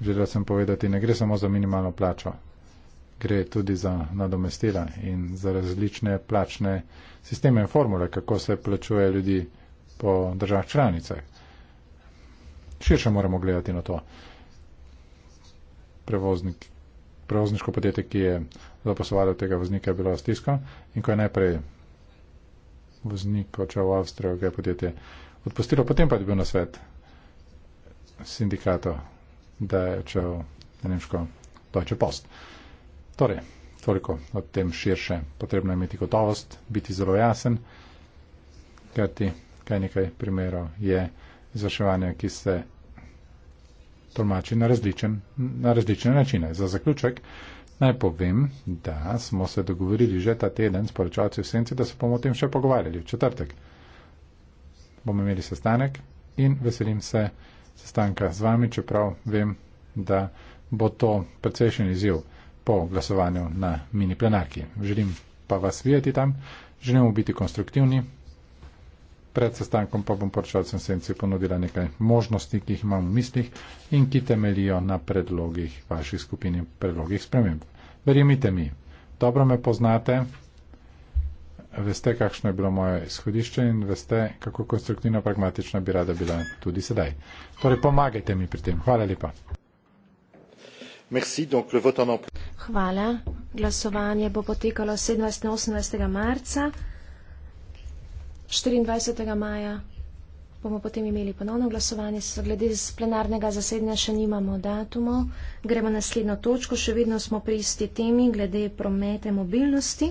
Želel sem povedati, ne gre samo za minimalno plačo, gre tudi za nadomestila in za različne plačne sisteme in formule, kako se plačuje ljudi po državah članicah. Širše moramo gledati na to. Prevoznik, prevozniško podjetje, ki je zaposlovalo tega voznika, je bilo v stisko in ko je najprej voznik pač v Avstrijo, kaj podjetje odpustilo, potem pa je bil na svet sindikato, da je čel na nemško Deutsche Post. Torej, toliko o tem širše. Potrebno je imeti gotovost, biti zelo jasen, ker ti kaj nekaj primerov je izraševanje, ki se tolmači na, na različne načine. Za zaključek. Naj povem, da smo se dogovorili že ta teden s poročalci v Senci, da se bomo o tem še pogovarjali v četrtek. Bomo imeli sestanek in veselim se sestanka z vami, čeprav vem, da bo to precejšen izziv po glasovanju na mini plenarki. Želim pa vas videti tam, želimo biti konstruktivni, pred sestankom pa bom poročalcem senci ponudila nekaj možnosti, ki jih imam v mislih in ki temelijo na predlogih vaših skupin in predlogih sprememb. Verjemite mi, dobro me poznate, veste, kakšno je bilo moje izhodišče in veste, kako konstruktivno pragmatična bi rada bila tudi sedaj. Torej, pomagajte mi pri tem. Hvala lepa. Merci, donc, le vote en... Hvala. Glasovanje bo potekalo 17. in 18. marca. 24. maja bomo potem imeli ponovno glasovanje. Glede z plenarnega zasedanja še nimamo datumov. Gremo na naslednjo točko. Še vedno smo pri isti temi glede promete mobilnosti.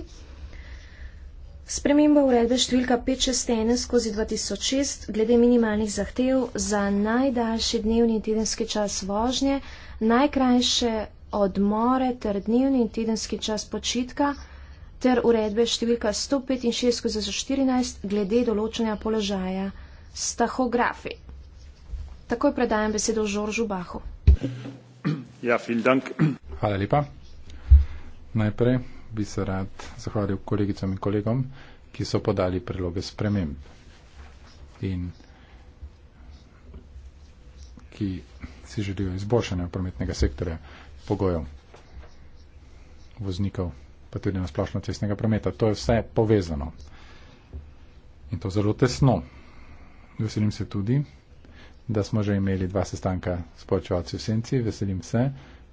Sprememba uredbe številka 561 skozi 2006 glede minimalnih zahtev za najdaljši dnevni in tedenski čas vožnje, najkrajše odmore ter dnevni in tedenski čas počitka ter uredbe številka 165-14 glede določanja položaja stahografi. Takoj predajam besedo Žoržu Bahu. Ja, dank. Hvala lepa. Najprej bi se rad zahvalil kolegicam in kolegom, ki so podali predloge sprememb in ki si želijo izboljšanja prometnega sektorja pogojev voznikov pa tudi na splošno cestnega prometa. To je vse povezano in to zelo tesno. Veselim se tudi, da smo že imeli dva sestanka s počevalci v Senci. Veselim se,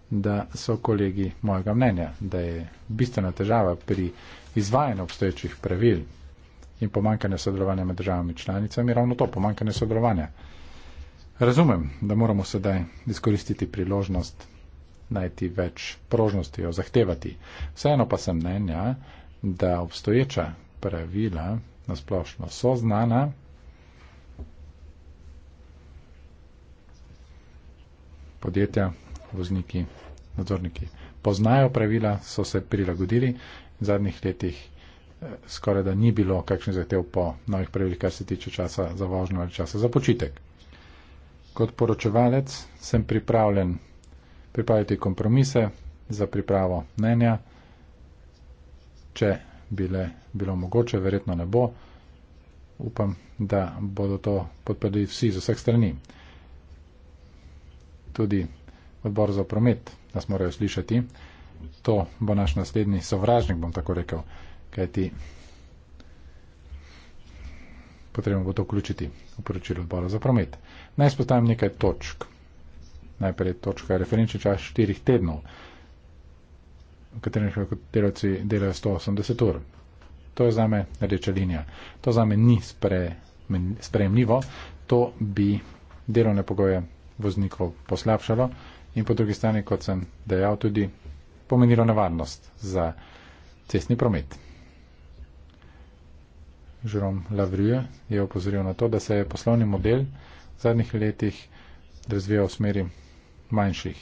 da so kolegi mojega mnenja, da je bistvena težava pri izvajanju obstoječih pravil in pomankanje sodelovanja med državami članicami, ravno to, pomankanje sodelovanja. Razumem, da moramo sedaj izkoristiti priložnost najti več prožnosti, jo zahtevati. Vseeno pa sem mnenja, da obstoječa pravila nasplošno so znana. Podjetja, vozniki, nadzorniki poznajo pravila, so se prilagodili in zadnjih letih eh, skoraj da ni bilo kakšnih zahtev po novih pravilih, kar se tiče časa za vožnjo ali časa za počitek. Kot poročevalec sem pripravljen pripraviti kompromise za pripravo mnenja, če bile, bilo mogoče, verjetno ne bo. Upam, da bodo to podprli vsi z vseh strani. Tudi odbor za promet nas morajo slišati. To bo naš naslednji sovražnik, bom tako rekel, kajti potrebno bo to vključiti v poročilo odbora za promet. Naj spostavim nekaj točk najprej točka referenčni čas štirih tednov, v katerem še kot delavci delajo 180 ur. To je zame rdeča linija. To zame ni sprejemljivo. To bi delovne pogoje voznikov poslabšalo in po drugi strani, kot sem dejal, tudi pomenilo nevarnost za cestni promet. Jerome Lavrie je opozoril na to, da se je poslovni model v zadnjih letih razvijal v smeri manjših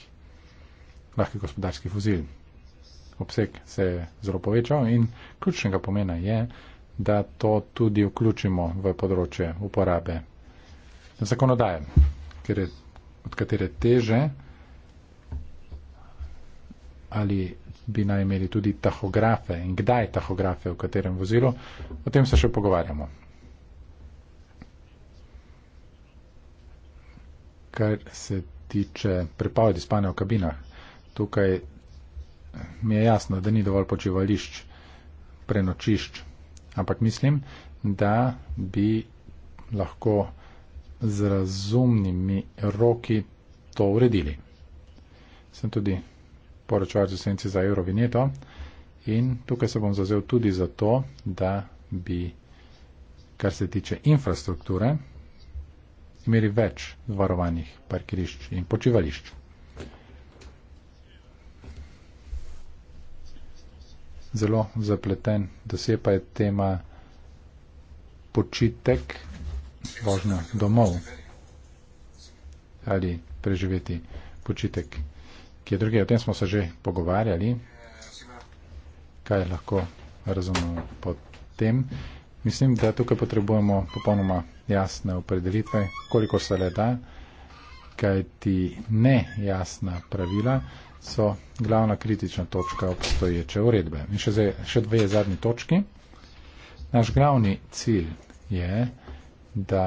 lahkih gospodarskih vozil. Obseg se je zelo povečal in ključnega pomena je, da to tudi vključimo v področje uporabe zakonodaje, ker je, od katere teže ali bi naj imeli tudi tahografe in kdaj tahografe v katerem vozilu, o tem se še pogovarjamo. Kar se tiče prepovedi spanja v kabinah. Tukaj mi je jasno, da ni dovolj počivališč, prenočišč, ampak mislim, da bi lahko z razumnimi roki to uredili. Sem tudi poročevalec v senci za Eurovineto in tukaj se bom zazel tudi za to, da bi, kar se tiče infrastrukture, imeli več varovanih parkirišč in počivališč. Zelo zapleten dosje pa je tema počitek, vožnja domov ali preživeti počitek, ki je druge. O tem smo se že pogovarjali, kaj lahko razumemo pod tem. Mislim, da tukaj potrebujemo popolnoma jasne opredelitve, koliko se le da, kaj ti nejasna pravila so glavna kritična točka obstoječe uredbe. In še, zdaj, še dve zadnji točki. Naš glavni cilj je, da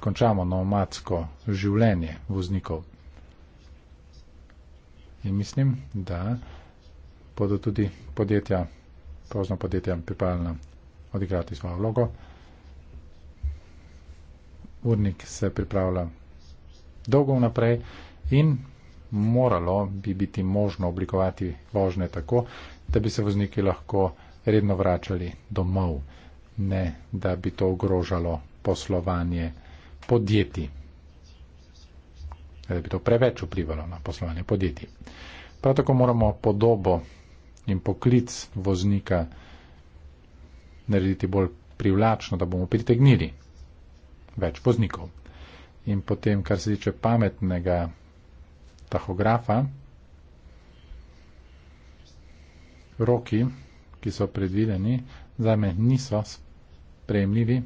končamo nomadsko življenje voznikov. In mislim, da bodo tudi podjetja, pozno podjetja pripravljena odigrati svojo vlogo. Urnik se pripravlja dolgo naprej in moralo bi biti možno oblikovati vožnje tako, da bi se vozniki lahko redno vračali domov, ne da bi to ogrožalo poslovanje podjetij. Da bi to preveč vplivalo na poslovanje podjetij. Prav tako moramo podobo in poklic voznika narediti bolj privlačno, da bomo pritegnili več voznikov. In potem, kar se tiče pametnega tahografa, roki, ki so predvideni, za me niso sprejemljivi.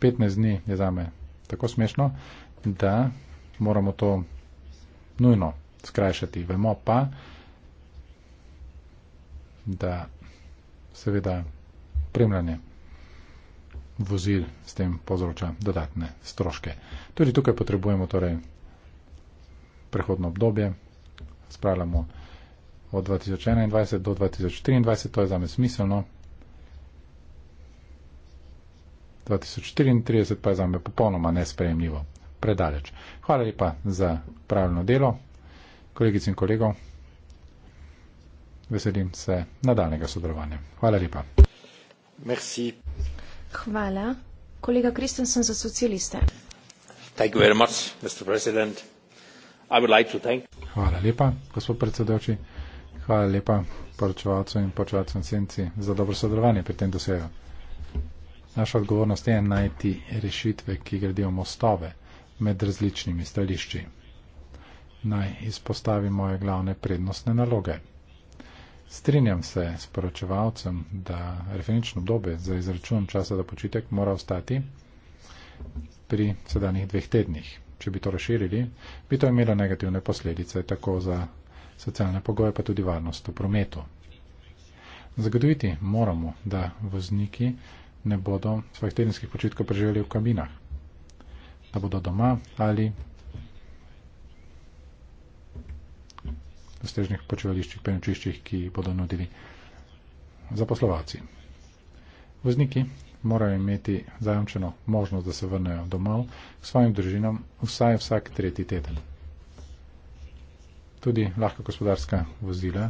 15 dni je za me tako smešno, da moramo to nujno skrajšati. Vemo pa, da seveda opremljanje vozil s tem povzroča dodatne stroške. Tudi tukaj potrebujemo torej prehodno obdobje, spravljamo od 2021 do 2023, to je zame smiselno. 2034 pa je zame popolnoma nesprejemljivo, predaleč. Hvala lepa za pravilno delo, kolegic in kolego. Veselim se nadaljnega sodelovanja. Hvala lepa. Merci. Hvala. Kolega Kristensen za socialiste. Thank you very much, Mr. President. I would like to thank. Hvala lepa, gospod predsedoči. Hvala lepa poročevalcem in poročevalcem senci za dobro sodelovanje pri tem dosegu. Naša odgovornost je najti rešitve, ki gradijo mostove med različnimi stališči. Naj izpostavim moje glavne prednostne naloge. Strinjam se s poročevalcem, da referenčno obdobje za izračun časa za počitek mora ostati pri sedanjih dveh tednih. Če bi to razširili, bi to imelo negativne posledice tako za socialne pogoje, pa tudi varnost v prometu. Zagotoviti moramo, da vozniki ne bodo svojih tedenskih počitkov preživeli v kabinah, da bodo doma ali strežnih počivališčih, penočiščih, ki bodo nudili zaposlovalci. Vozniki morajo imeti zajamčeno možnost, da se vrnejo domov k svojim družinam vsaj vsak tretji teden. Tudi lahko gospodarska vozila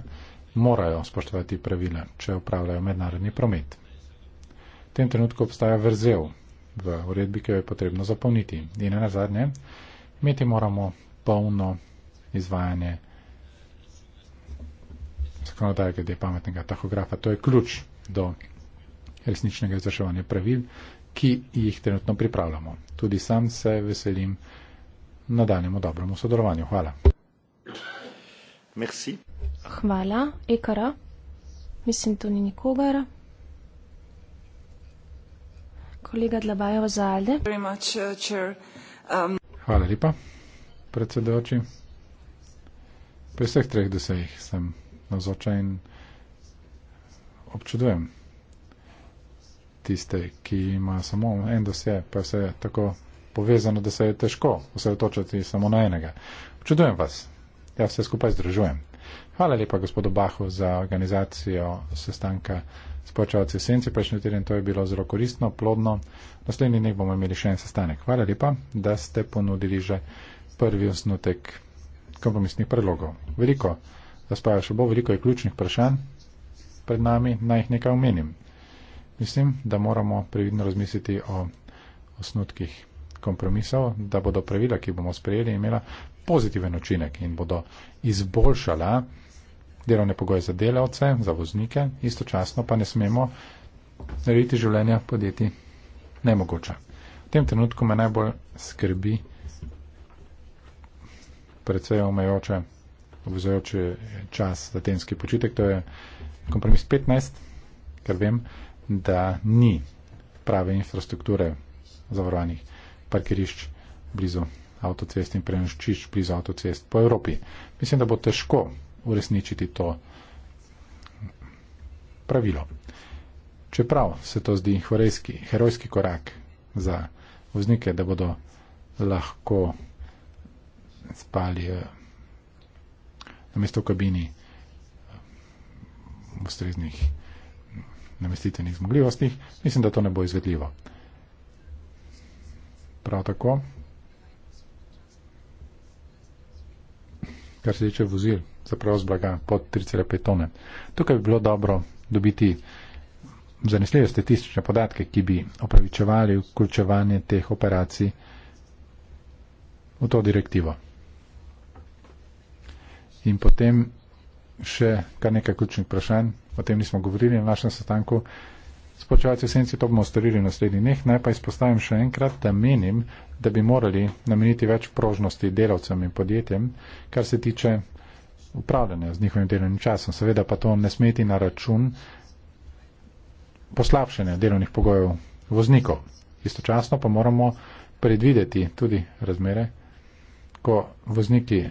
morajo spoštovati pravila, če upravljajo mednarodni promet. V tem trenutku obstaja vrzel v uredbi, ki jo je potrebno zapolniti. In na zadnje, imeti moramo polno izvajanje zakonodaje glede pametnega tahografa. To je ključ do resničnega izvrševanja pravil, ki jih trenutno pripravljamo. Tudi sam se veselim nadaljemu dobremu sodelovanju. Hvala. Merci. Hvala, Ekara. Mislim, to ni nikogar. Kolega Dlabajeva za Alde. Uh, um, Hvala lepa, predsedoči. Pri vseh treh dosejih sem navzoča in občudujem tiste, ki ima samo en dosje, pa vse je tako povezano, da se je težko vse otočati samo na enega. Občudujem vas, ja vse skupaj združujem. Hvala lepa gospodu Bahu za organizacijo sestanka s počevalci Senci prejšnji teden, to je bilo zelo koristno, plodno. Naslednji dnev bomo imeli še en sestanek. Hvala lepa, da ste ponudili že prvi osnutek kompromisnih predlogov. Veliko razpravljal še bo, veliko je ključnih vprašanj pred nami, naj jih nekaj omenim. Mislim, da moramo previdno razmisliti o osnutkih kompromisov, da bodo pravila, ki bomo sprejeli, imela pozitiven učinek in bodo izboljšala delovne pogoje za delavce, za voznike, istočasno pa ne smemo narediti življenja podjetij nemogoča. V tem trenutku me najbolj skrbi predvsej omejoče obvezujoče čas za tenski počitek. To je kompromis 15, ker vem, da ni prave infrastrukture zavarovanih parkirišč blizu avtocest in prenoščišč blizu avtocest po Evropi. Mislim, da bo težko uresničiti to pravilo. Čeprav se to zdi horejski, herojski korak za voznike, da bodo lahko spali eh, namesto v kabini um, ustreznih namestitvenih zmogljivostih, mislim, da to ne bo izvedljivo. Prav tako, kar se tiče vozil za prevoz blaga pod 3,5 tone, tukaj bi bilo dobro dobiti zanesljive statistične podatke, ki bi opravičevali vključevanje teh operacij v to direktivo. In potem še kar nekaj ključnih vprašanj, o tem nismo govorili na našem sestanku. Spočevalci v senci to bomo storili v naslednjih dneh. Naj pa izpostavim še enkrat, da menim, da bi morali nameniti več prožnosti delavcem in podjetjem, kar se tiče upravljanja z njihovim delovnim časom. Seveda pa to ne smeti na račun poslabšanja delovnih pogojev voznikov. Istočasno pa moramo predvideti tudi razmere, ko vozniki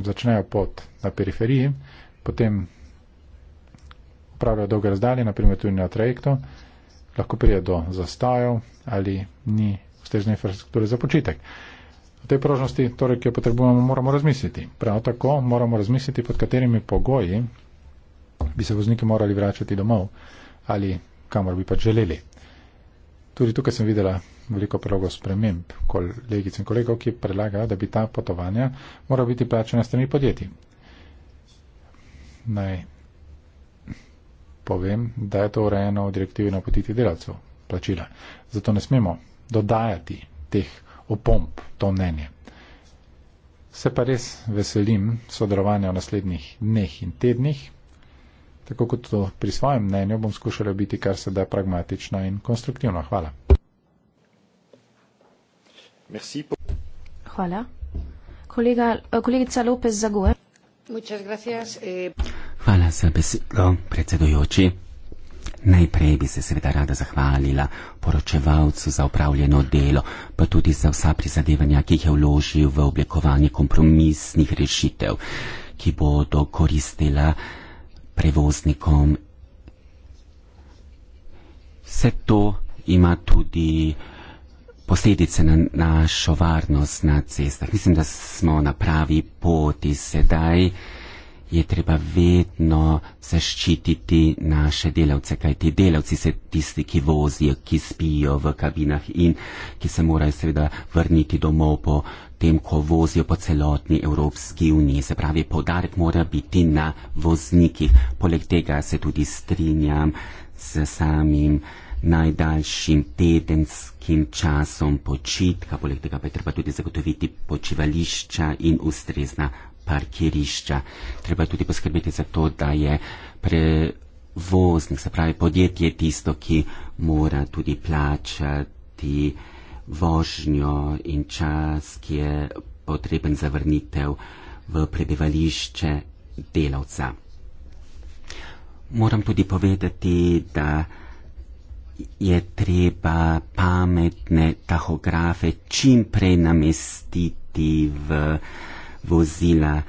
začnejo pot na periferiji, potem upravljajo dolge razdalje, naprimer tudi na trajektu, lahko prije do zastojev ali ni ustrezne infrastrukture za počitek. O tej prožnosti, torej, ki jo potrebujemo, moramo razmisliti. Prav tako moramo razmisliti, pod katerimi pogoji bi se vozniki morali vračati domov ali kamor bi pa želeli. Tudi tukaj sem videla veliko prologov sprememb kolegic in kolegov, ki predlagajo, da bi ta potovanja morala biti plačena strani podjetij. Naj povem, da je to urejeno v direktivi na potiti delavcev plačila. Zato ne smemo dodajati teh opomb to mnenje. Se pa res veselim sodelovanja v naslednjih dneh in tednih tako kot to pri svojem mnenju, bom skušala biti kar se da pragmatična in konstruktivna. Hvala. Hvala. Kolega, eh, kolegica Lopez Zagor. Eh. Hvala za besedo, predsedujoči. Najprej bi se seveda rada zahvalila poročevalcu za upravljeno delo, pa tudi za vsa prizadevanja, ki jih je vložil v oblikovanje kompromisnih rešitev, ki bodo koristila prevoznikom. Vse to ima tudi posledice na našo varnost na cestah. Mislim, da smo na pravi poti sedaj je treba vedno zaščititi naše delavce, kaj ti delavci so tisti, ki vozijo, ki spijo v kabinah in ki se morajo seveda vrniti domov po tem, ko vozijo po celotni Evropski uniji. Se pravi, podarek mora biti na voznikih. Poleg tega se tudi strinjam z samim najdaljšim tedenskim časom počitka, poleg tega pa je treba tudi zagotoviti počivališča in ustrezna parkirišča. Treba tudi poskrbeti za to, da je prevoznik, se pravi podjetje tisto, ki mora tudi plačati vožnjo in čas, ki je potreben za vrnitev v prebivališče delavca. Moram tudi povedati, da je treba pametne tahografe čim prej namestiti v uh, vozila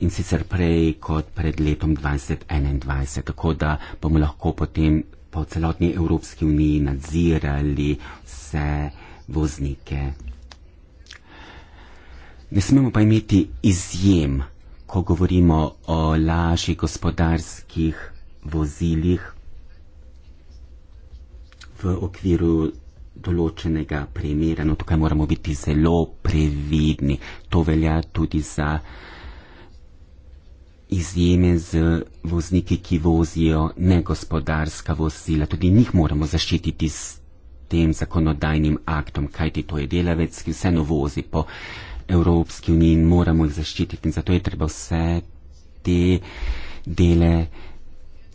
in sicer prej kot pred letom 2021, tako da bomo lahko potem po celotni Evropski uniji nadzirali vse voznike. Ne smemo pa imeti izjem, ko govorimo o lažjih gospodarskih vozilih v okviru določenega primera, no tukaj moramo biti zelo previdni. To velja tudi za izjeme z vozniki, ki vozijo negospodarska vozila. Tudi njih moramo zaščititi s tem zakonodajnim aktom, kajti to je delavec, ki vseeno vozi po Evropski uniji in moramo jih zaščititi. In zato je treba vse te dele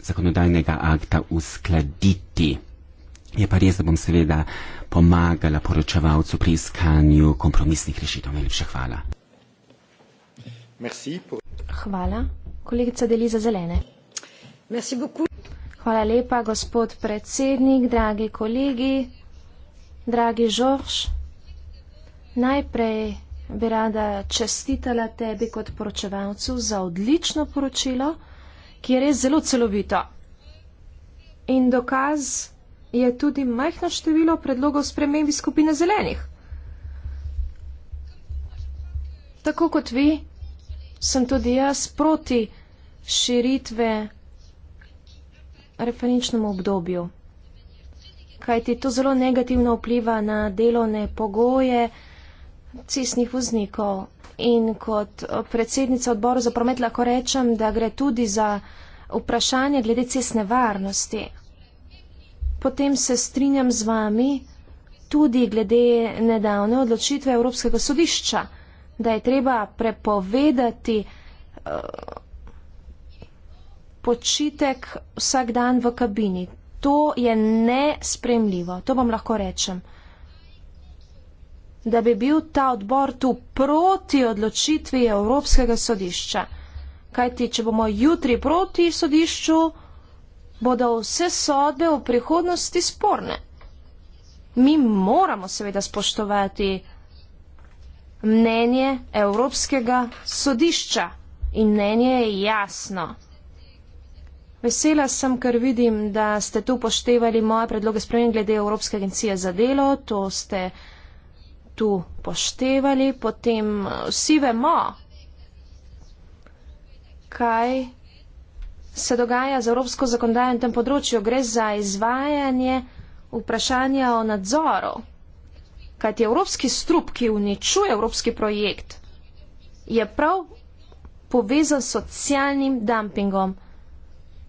zakonodajnega akta uskladiti. Je pa res, da bom seveda pomagala poročevalcu pri iskanju kompromisnih rešitev. Najlepša hvala. Hvala, kolegica Deliza Zelene. Hvala lepa, gospod predsednik, dragi kolegi, dragi Žorž. Najprej bi rada čestitala tebi kot poročevalcu za odlično poročilo, ki je res zelo celovito. In dokaz, je tudi majhno število predlogov spremembi skupine zelenih. Tako kot vi, sem tudi jaz proti širitve referenčnemu obdobju, kajti to zelo negativno vpliva na delovne pogoje cisnih voznikov. In kot predsednica odboru za promet lahko rečem, da gre tudi za vprašanje glede cesne varnosti potem se strinjam z vami tudi glede nedavne odločitve Evropskega sodišča, da je treba prepovedati eh, počitek vsak dan v kabini. To je nespremljivo, to vam lahko rečem. Da bi bil ta odbor tu proti odločitvi Evropskega sodišča. Kajti, če bomo jutri proti sodišču, bodo vse sodbe v prihodnosti sporne. Mi moramo seveda spoštovati mnenje Evropskega sodišča in mnenje je jasno. Vesela sem, ker vidim, da ste tu poštevali moje predloge spremenj glede Evropske agencije za delo, to ste tu poštevali, potem eh, vsi vemo, kaj se dogaja z evropsko zakonodajo na tem področju? Gre za izvajanje vprašanja o nadzoru. Kaj ti evropski strup, ki uničuje evropski projekt, je prav povezan s socialnim dumpingom.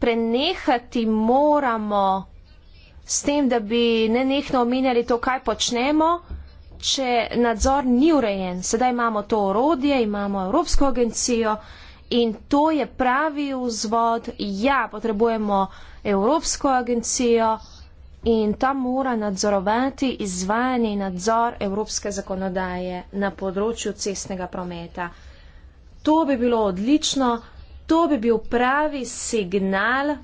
Prenehati moramo s tem, da bi ne nehno omenjali to, kaj počnemo, če nadzor ni urejen. Sedaj imamo to orodje, imamo Evropsko agencijo, In to je pravi vzvod, ja, potrebujemo Evropsko agencijo in ta mora nadzorovati izvajanje in nadzor Evropske zakonodaje na področju cestnega prometa. To bi bilo odlično, to bi bil pravi signal,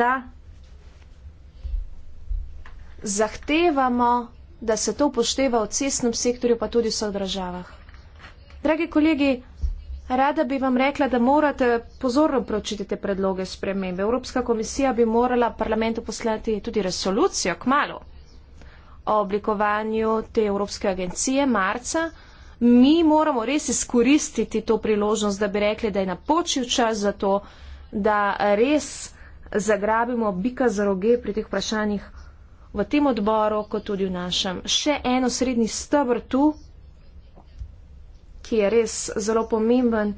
da zahtevamo, da se to upošteva v cestnem sektorju, pa tudi v vseh državah. Dragi kolegi, Rada bi vam rekla, da morate pozorno pročiti te predloge spremembe. Evropska komisija bi morala parlamentu poslati tudi resolucijo k malu o oblikovanju te Evropske agencije marca. Mi moramo res izkoristiti to priložnost, da bi rekli, da je napočil čas za to, da res zagrabimo bika za roge pri teh vprašanjih v tem odboru, kot tudi v našem. Še eno srednji stebr tu ki je res zelo pomemben,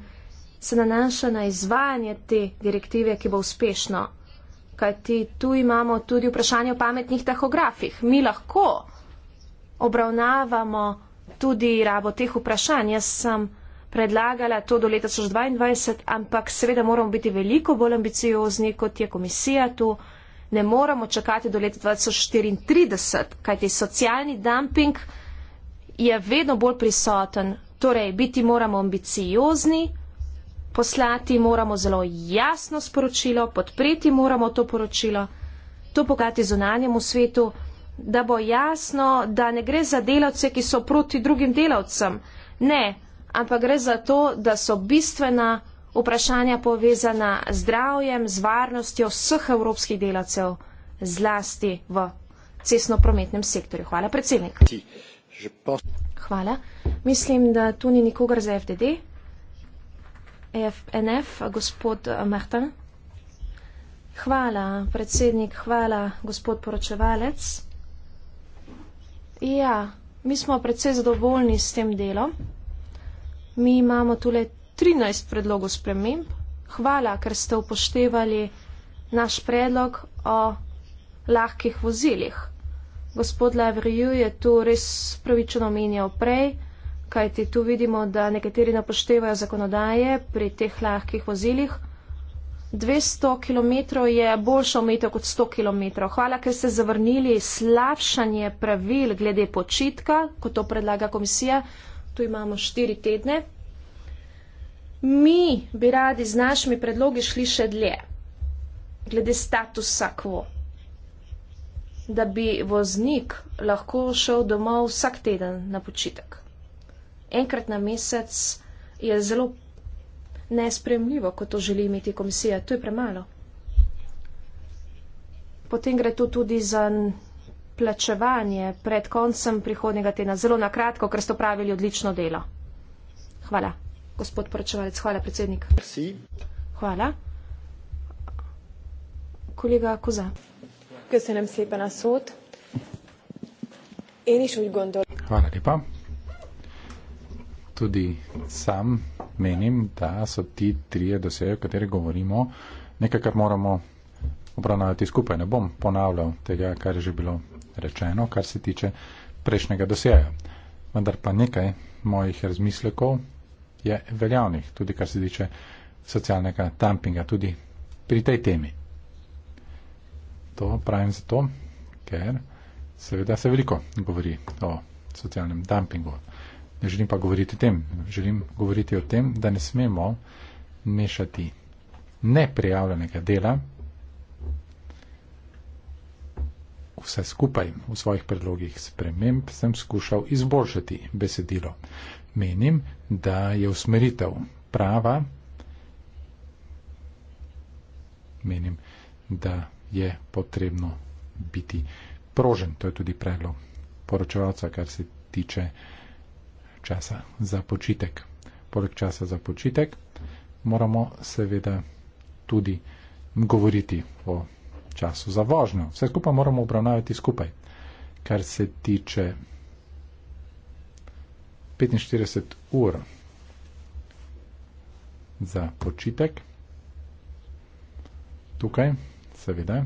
se nanaša na izvajanje te direktive, ki bo uspešno. Kajti tu imamo tudi vprašanje o pametnih tehografih. Mi lahko obravnavamo tudi rabo teh vprašanj. Jaz sem predlagala to do leta 2022, ampak seveda moramo biti veliko bolj ambiciozni, kot je komisija tu. Ne moramo čakati do leta 2034, kajti socialni dumping je vedno bolj prisoten Torej, biti moramo ambiciozni, poslati moramo zelo jasno sporočilo, podpreti moramo to poročilo, to pokazati zunanjemu svetu, da bo jasno, da ne gre za delavce, ki so proti drugim delavcem. Ne, ampak gre za to, da so bistvena vprašanja povezana z zdravjem, z varnostjo vseh evropskih delavcev, zlasti v cesno-prometnem sektorju. Hvala, predsednik. Hvala. Mislim, da tu ni nikogar za FDD. FNF, gospod Martin. Hvala, predsednik, hvala, gospod poročevalec. Ja, mi smo predvsej zadovoljni s tem delom. Mi imamo tule 13 predlogov sprememb. Hvala, ker ste upoštevali naš predlog o lahkih vozilih gospod Leverju je to res pravično omenjal prej, kajti tu vidimo, da nekateri ne poštevajo zakonodaje pri teh lahkih vozilih. 200 km je boljša omejitev kot 100 km. Hvala, ker ste zavrnili slabšanje pravil glede počitka, kot to predlaga komisija. Tu imamo 4 tedne. Mi bi radi z našimi predlogi šli še dlje, glede statusa kvo da bi voznik lahko šel domov vsak teden na počitek. Enkrat na mesec je zelo nespremljivo, ko to želi imeti komisija. To je premalo. Potem gre to tudi za plačevanje pred koncem prihodnega tedna. Zelo nakratko, ker ste pravili odlično delo. Hvala, gospod poročevalec. Hvala, predsednik. Merci. Hvala. Kolega Koza. Köszönöm szépen a szót. Én is úgy gondolom. Hvala lepa. Tudi sam menim, da so ti trije dosej, o katerih govorimo, nekaj, kar moramo obravnavati skupaj. Ne bom ponavljal tega, kar je že bilo rečeno, kar se tiče prejšnjega dosjeja. Vendar pa nekaj mojih razmislekov je veljavnih, tudi kar se tiče socialnega dumpinga, tudi pri tej temi. To pravim zato, ker seveda se veliko govori o socialnem dumpingu. Ne želim pa govoriti o tem. Želim govoriti o tem, da ne smemo mešati neprijavljenega dela vse skupaj v svojih predlogih sprememb sem skušal izboljšati besedilo. Menim, da je usmeritev prava. Menim, da je potrebno biti prožen. To je tudi predlog poročevalca, kar se tiče časa za počitek. Poleg časa za počitek moramo seveda tudi govoriti o času za vožnjo. Vse skupaj moramo obravnavati skupaj. Kar se tiče 45 ur za počitek, tukaj seveda,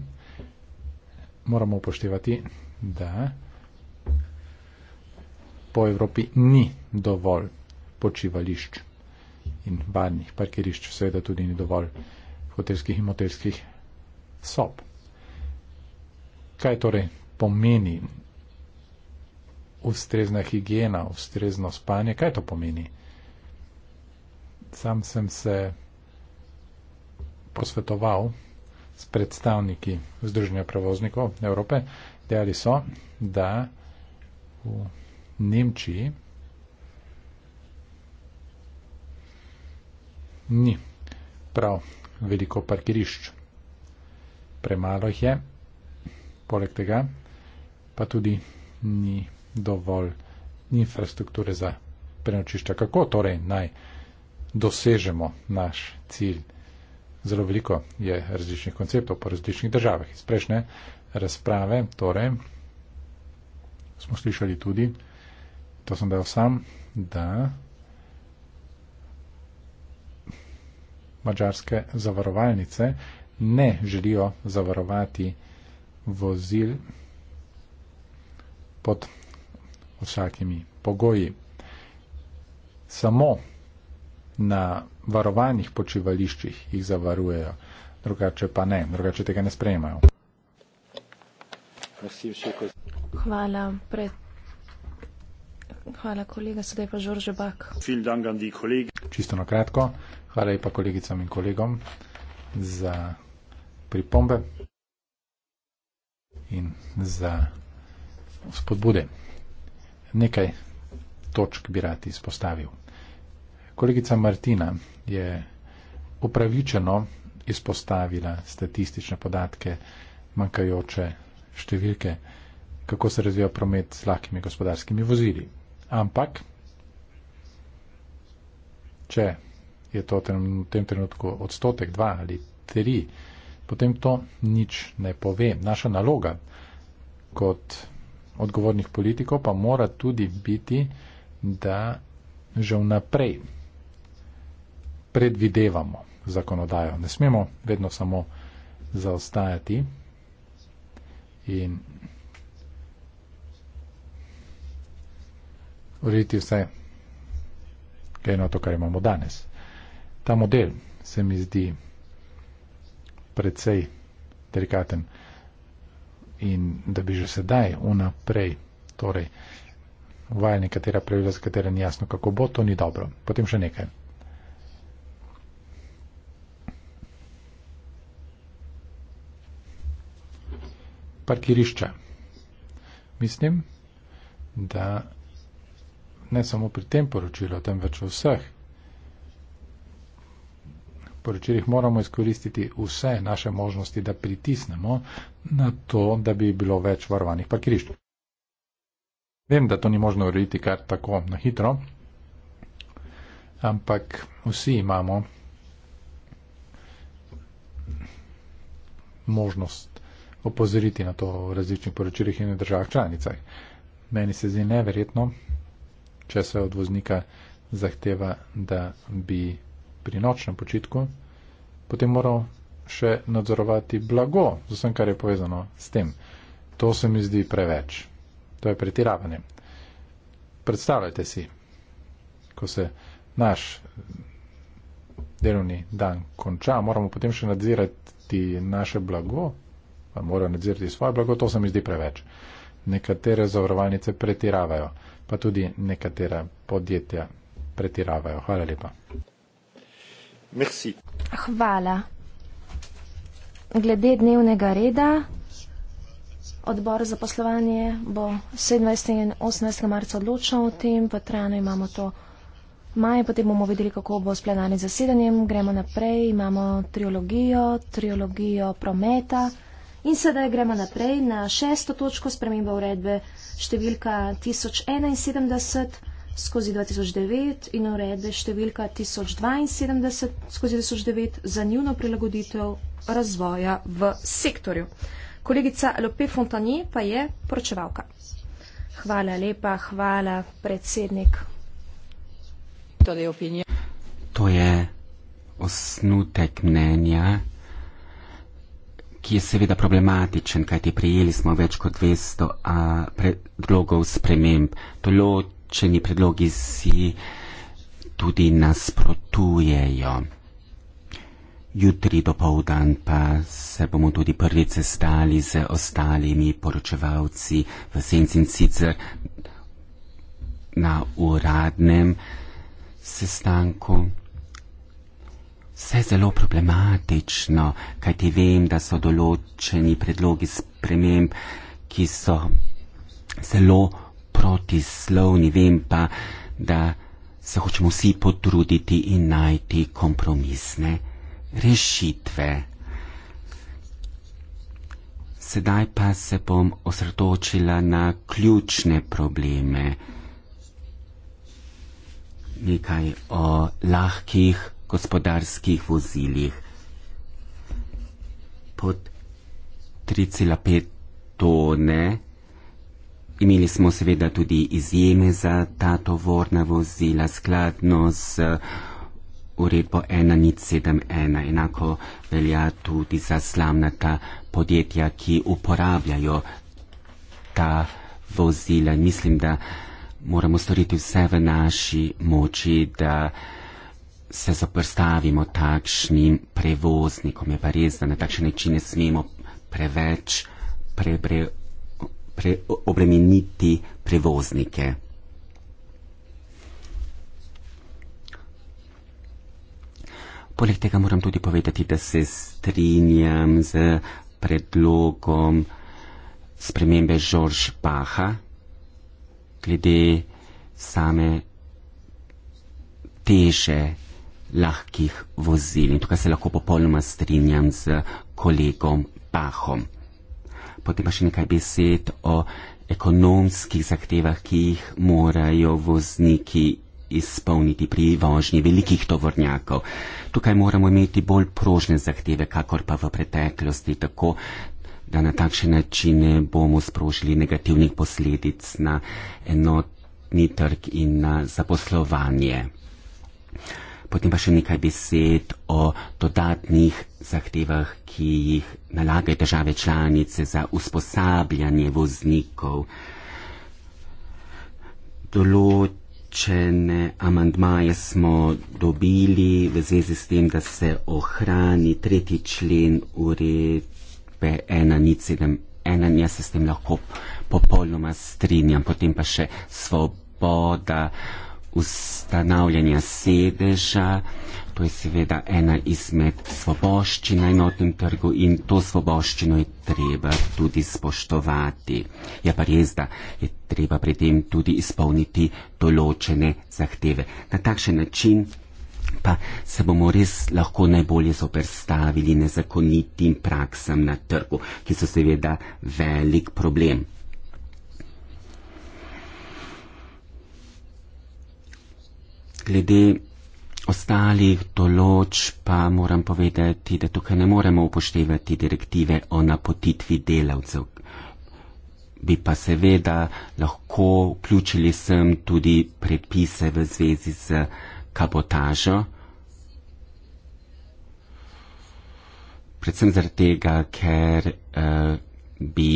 moramo upoštevati, da po Evropi ni dovolj počivališč in varnih parkirišč, seveda tudi ni dovolj hotelskih in motelskih sob. Kaj torej pomeni ustrezna higiena, ustrezno spanje, kaj to pomeni? Sam sem se posvetoval s predstavniki Združenja prevoznikov Evrope, dejali so, da v Nemčiji ni prav veliko parkirišč. Premalo jih je, poleg tega pa tudi ni dovolj infrastrukture za prenočišča. Kako torej naj dosežemo naš cilj? zelo veliko je različnih konceptov po različnih državah. Iz prejšnje razprave torej, smo slišali tudi, to sem dal sam, da mačarske zavarovalnice ne želijo zavarovati vozil pod vsakimi pogoji. Samo na varovanih počivališčih jih zavarujejo, drugače pa ne, drugače tega ne sprejemajo. Hvala. Pre... Hvala, kolega. Sedaj pa Žorže Bak. Čisto na kratko. Hvala lepa kolegicam in kolegom za pripombe in za spodbude. Nekaj točk bi rad izpostavil. Kolegica Martina je upravičeno izpostavila statistične podatke, manjkajoče številke, kako se razvija promet z lahkimi gospodarskimi vozili. Ampak, če je to v tem trenutku odstotek, dva ali tri, potem to nič ne pove. Naša naloga kot odgovornih politikov pa mora tudi biti, da že vnaprej predvidevamo zakonodajo. Ne smemo vedno samo zaostajati in urediti vse, kaj na to, kar imamo danes. Ta model se mi zdi precej delikaten in da bi že sedaj unaprej, torej, uvajali nekatera pravila, za katera ni jasno, kako bo, to ni dobro. Potem še nekaj. parkirišča. Mislim, da ne samo pri tem poročilu, temveč v vseh poročilih moramo izkoristiti vse naše možnosti, da pritisnemo na to, da bi bilo več varovanih parkirišč. Vem, da to ni možno urediti kar tako na hitro, ampak vsi imamo možnost opozoriti na to v različnih poročilih in v državah članicah. Meni se zdi neverjetno, če se od voznika zahteva, da bi pri nočnem počitku potem moral še nadzorovati blago z vsem, kar je povezano s tem. To se mi zdi preveč. To je pretiravanje. Predstavljajte si, ko se naš delovni dan konča, moramo potem še nadzirati naše blago, morajo nadzirati svoje blago, to se mi zdi preveč. Nekatere zavarovalnice pretiravajo, pa tudi nekatera podjetja pretiravajo. Hvala lepa. Merci. Hvala. Glede dnevnega reda, odbor za poslovanje bo 17. in 18. marca odločil o tem, pa trajno imamo to maj, potem bomo videli, kako bo s plenarnim zasedanjem. Gremo naprej, imamo triologijo, triologijo prometa. In sedaj gremo naprej na šesto točko spremembe uredbe številka 1071 skozi 2009 in uredbe številka 1072 skozi 2009 za njuno prilagoditev razvoja v sektorju. Kolegica Lope Fontanje pa je poročevalka. Hvala lepa, hvala predsednik. To je osnutek mnenja ki je seveda problematičen, kajti prijeli smo več kot 200 a, predlogov sprememb. Določeni predlogi si tudi nasprotujejo. Jutri do povdan pa se bomo tudi prvi sestali z ostalimi poročevalci v senci in sicer na uradnem sestanku. Vse je zelo problematično, kajti vem, da so določeni predlogi sprememb, ki so zelo protislovni, vem pa, da se hočemo vsi potruditi in najti kompromisne rešitve. Sedaj pa se bom osredotočila na ključne probleme, nekaj o lahkih gospodarskih vozilih pod 3,5 tone. Imeli smo seveda tudi izjeme za ta tovorna vozila skladno z uredbo 1071. Enako velja tudi za slamnata podjetja, ki uporabljajo ta vozila. Mislim, da moramo storiti vse v naši moči, da se zoprstavimo takšnim prevoznikom. Je pa res, da na takšen način ne smemo preveč prebre, pre, obremeniti prevoznike. Poleg tega moram tudi povedati, da se strinjam z predlogom spremembe Žorž Paha glede same teže lahkih vozil. In tukaj se lahko popolnoma strinjam z kolegom Pahom. Potem pa še nekaj besed o ekonomskih zahtevah, ki jih morajo vozniki izpolniti pri vožnji velikih tovornjakov. Tukaj moramo imeti bolj prožne zahteve, kakor pa v preteklosti, tako da na takšen način ne bomo sprožili negativnih posledic na enotni trg in na zaposlovanje potem pa še nekaj besed o dodatnih zahtevah, ki jih nalagajo države članice za usposabljanje voznikov. Določene amandmaje smo dobili v zvezi s tem, da se ohrani tretji člen uredbe 1.07.1. Jaz se s tem lahko popolnoma strinjam, potem pa še svoboda ustanavljanja sedeža. To je seveda ena izmed svoboščin na enotnem trgu in to svoboščino je treba tudi spoštovati. Je ja, pa res, da je treba pri tem tudi izpolniti določene zahteve. Na takšen način pa se bomo res lahko najbolje soprstavili nezakonitim praksam na trgu, ki so seveda velik problem. glede ostalih določ pa moram povedati, da tukaj ne moremo upoštevati direktive o napotitvi delavcev. Bi pa seveda lahko vključili sem tudi predpise v zvezi z kabotažo. Predvsem zaradi tega, ker uh, bi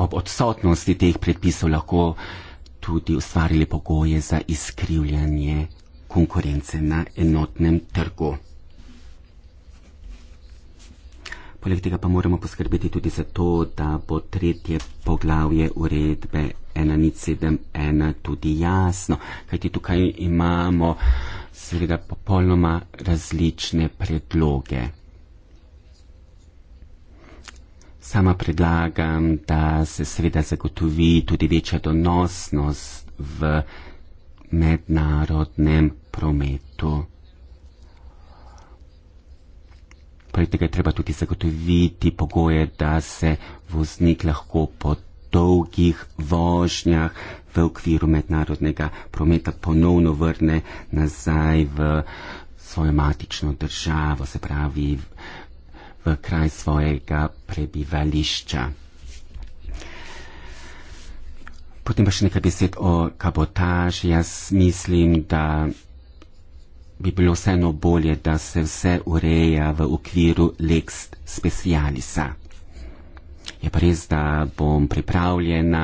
ob odsotnosti teh predpisov lahko uh, tudi ustvarili pogoje za izkrivljanje konkurence na enotnem trgu. Poleg tega pa moramo poskrbeti tudi za to, da bo tretje poglavje uredbe 1071 tudi jasno, kajti tukaj imamo seveda popolnoma različne predloge. Sama predlagam, da se seveda zagotovi tudi večja donosnost v mednarodnem prometu. Poleg tega je treba tudi zagotoviti pogoje, da se voznik lahko po dolgih vožnjah v okviru mednarodnega prometa ponovno vrne nazaj v svojo matično državo, se pravi v kraj svojega prebivališča. Potem pa še nekaj besed o kabotaži. Jaz mislim, da bi bilo vseeno bolje, da se vse ureja v okviru lex specialisa. Je pa res, da bom pripravljena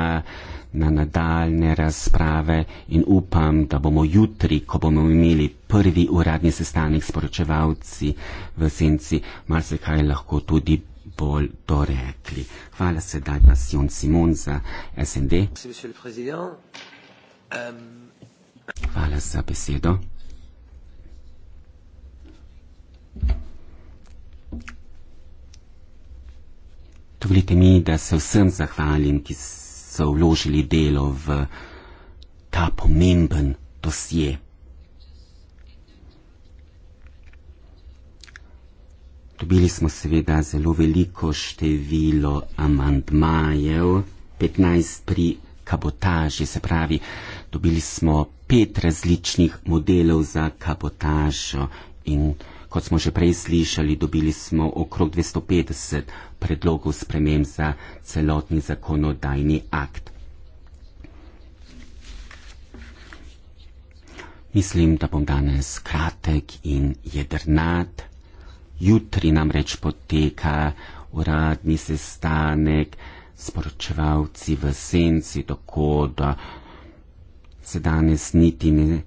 na nadaljne razprave in upam, da bomo jutri, ko bomo imeli prvi uradni sestanek s poročevalci v senci, marsikaj lahko tudi bolj dorekli. Hvala sedaj pa Sion Simon za SND. Euh, Hvala za besedo. Dovolite mi, da se vsem zahvalim, ki ste so vložili delo v ta pomemben dosje. Dobili smo seveda zelo veliko število amandmajev, 15 pri kabotaži, se pravi, dobili smo pet različnih modelov za kabotažo in Kot smo že prej slišali, dobili smo okrog 250 predlogov sprememb za celotni zakonodajni akt. Mislim, da bom danes kratek in jedrnat. Jutri namreč poteka uradni sestanek s poročevalci v senci, tako da se danes niti ne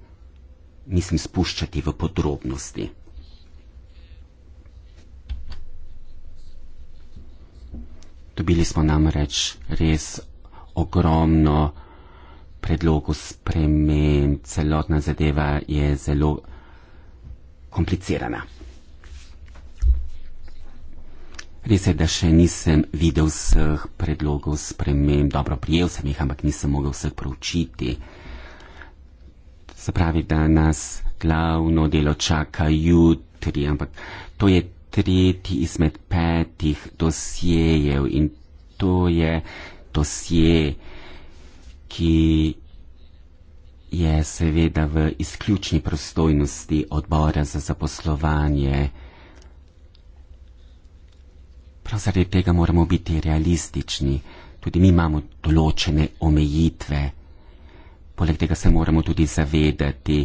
mislim spuščati v podrobnosti. Dobili smo namreč res ogromno predlogov spremen, celotna zadeva je zelo komplicirana. Res je, da še nisem videl vseh predlogov spremen, dobro prijel sem jih, ampak nisem mogel vseh proučiti. Se pravi, da nas glavno delo čaka jutri, ampak to je tretji izmed petih dosjejev in to je dosje, ki je seveda v izključni prostojnosti odbora za zaposlovanje. Prav zaradi tega moramo biti realistični. Tudi mi imamo določene omejitve. Poleg tega se moramo tudi zavedati,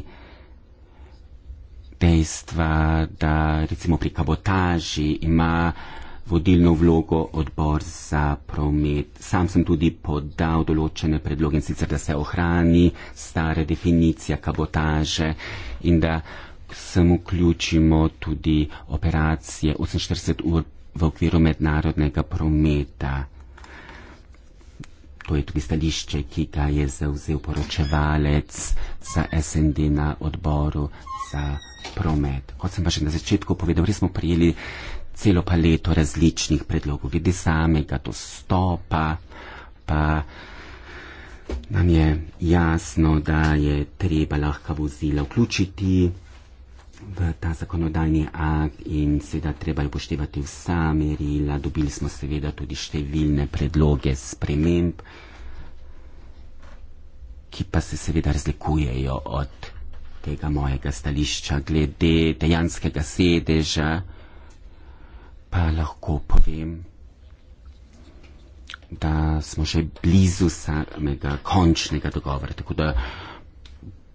dejstva, da recimo pri kabotaži ima vodilno vlogo odbor za promet. Sam sem tudi podal določene predloge in sicer, da se ohrani stara definicija kabotaže in da sem vključimo tudi operacije 48 ur v okviru mednarodnega prometa. To je tudi stališče, ki ga je zauzel poročevalec za SND na odboru za promet promet. Kot sem pa že na začetku povedal, res smo prijeli celo paleto različnih predlogov, glede samega dostopa, pa nam je jasno, da je treba lahka vozila vključiti v ta zakonodajni akt in seveda treba je upoštevati vsa merila. Dobili smo seveda tudi številne predloge sprememb, ki pa se seveda razlikujejo od tega mojega stališča glede dejanskega sedeža, pa lahko povem, da smo že blizu samega končnega dogovora, tako da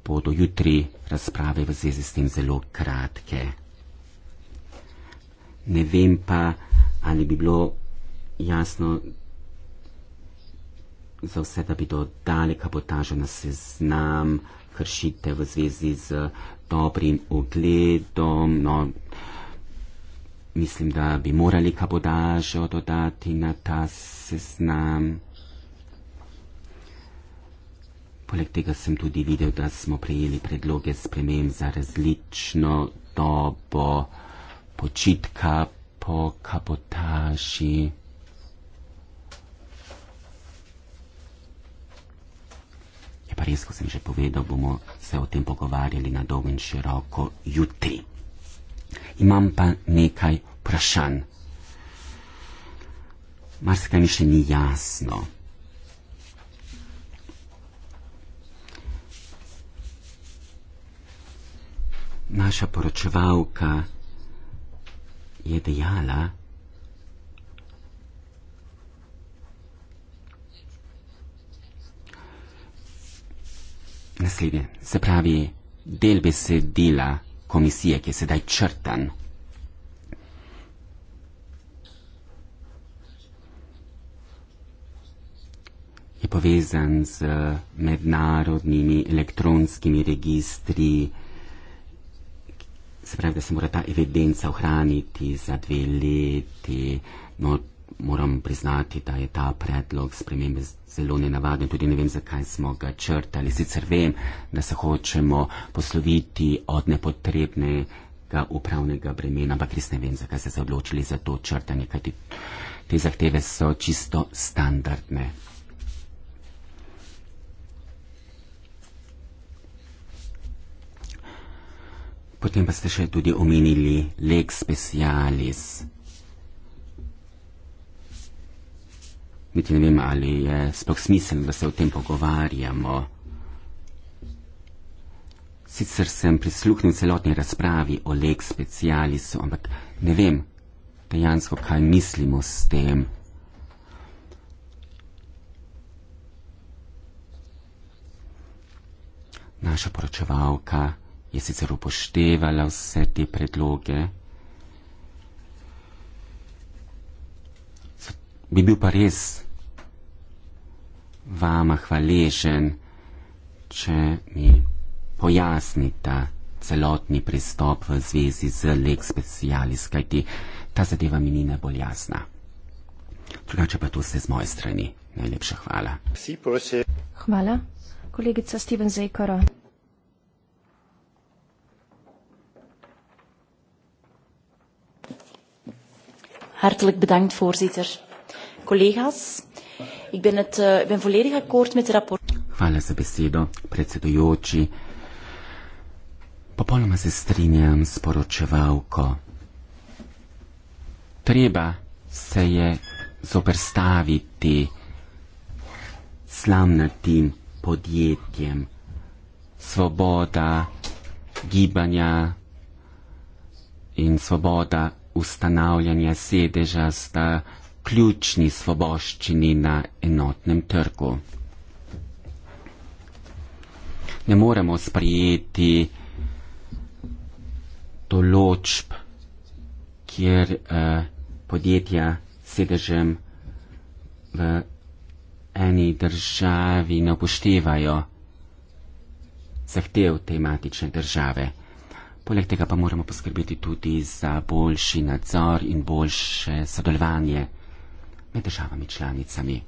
bodo jutri razprave v zvezi s tem zelo kratke. Ne vem pa, ali bi bilo jasno za vse, da bi dodali kabotažo na seznam kršite v zvezi z dobrim ogledom. No, mislim, da bi morali kabodažo dodati na ta seznam. Poleg tega sem tudi videl, da smo prejeli predloge sprejem za različno dobo počitka po kabotaži. Pariz, kot sem že povedal, bomo se o tem pogovarjali na dolgo in široko jutri. Imam pa nekaj vprašanj. Marsikaj mi še ni jasno. Naša poročevalka je dejala, Naslednje, se pravi del besedila komisije, ki je sedaj črtan. Je povezan z mednarodnimi elektronskimi registri, se pravi, da se mora ta evidenca ohraniti za dve leti, no moram priznati, da je ta predlog spremembe zelo nenavaden. Tudi ne vem, zakaj smo ga črtali. Sicer vem, da se hočemo posloviti od nepotrebnega upravnega bremena, ampak res ne vem, zakaj ste se odločili za to črtanje, kajti te zahteve so čisto standardne. Potem pa ste še tudi omenili lex specialis. Niti ne vem, ali je sploh smiselno, da se o tem pogovarjamo. Sicer sem prisluhnil celotni razpravi o lex specialisu, ampak ne vem dejansko, kaj mislimo s tem. Naša poročevalka je sicer upoštevala vse te predloge. bi bil pa res vama hvaležen, če mi pojasnite celotni pristop v zvezi z lex specialis, kajti ta zadeva mi ni najbolj jasna. Drugače pa to vse z moje strani. Najlepša hvala. Hvala, kolegica Steven Zekora. Hartelijk bedankt, voorzitter collega's. Ik ben, het, uh, ik ben volledig akkoord met het rapport. Hvala za besedo, predsedujoči. Popolnoma se strinjam s poročevalko. Treba se je zoprstaviti slamnatim podjetjem. Svoboda gibanja in svoboda ustanavljanja sedeža sta ključni svoboščini na enotnem trgu. Ne moremo sprijeti določb, kjer eh, podjetja sedežem v eni državi ne upoštevajo zahtev tematične države. Poleg tega pa moramo poskrbeti tudi za boljši nadzor in boljše sodelovanje med državami članicami.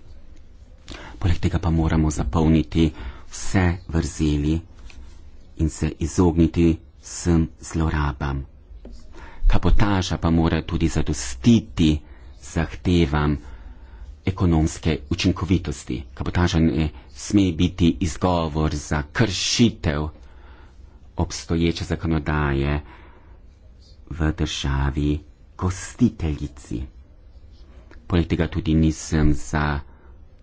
Poleg tega pa moramo zapolniti vse vrzeli in se izogniti vsem zlorabam. Kapotaža pa mora tudi zadostiti zahtevam ekonomske učinkovitosti. Kapotaža ne sme biti izgovor za kršitev obstoječe zakonodaje v državi gostiteljici politika tudi nisem za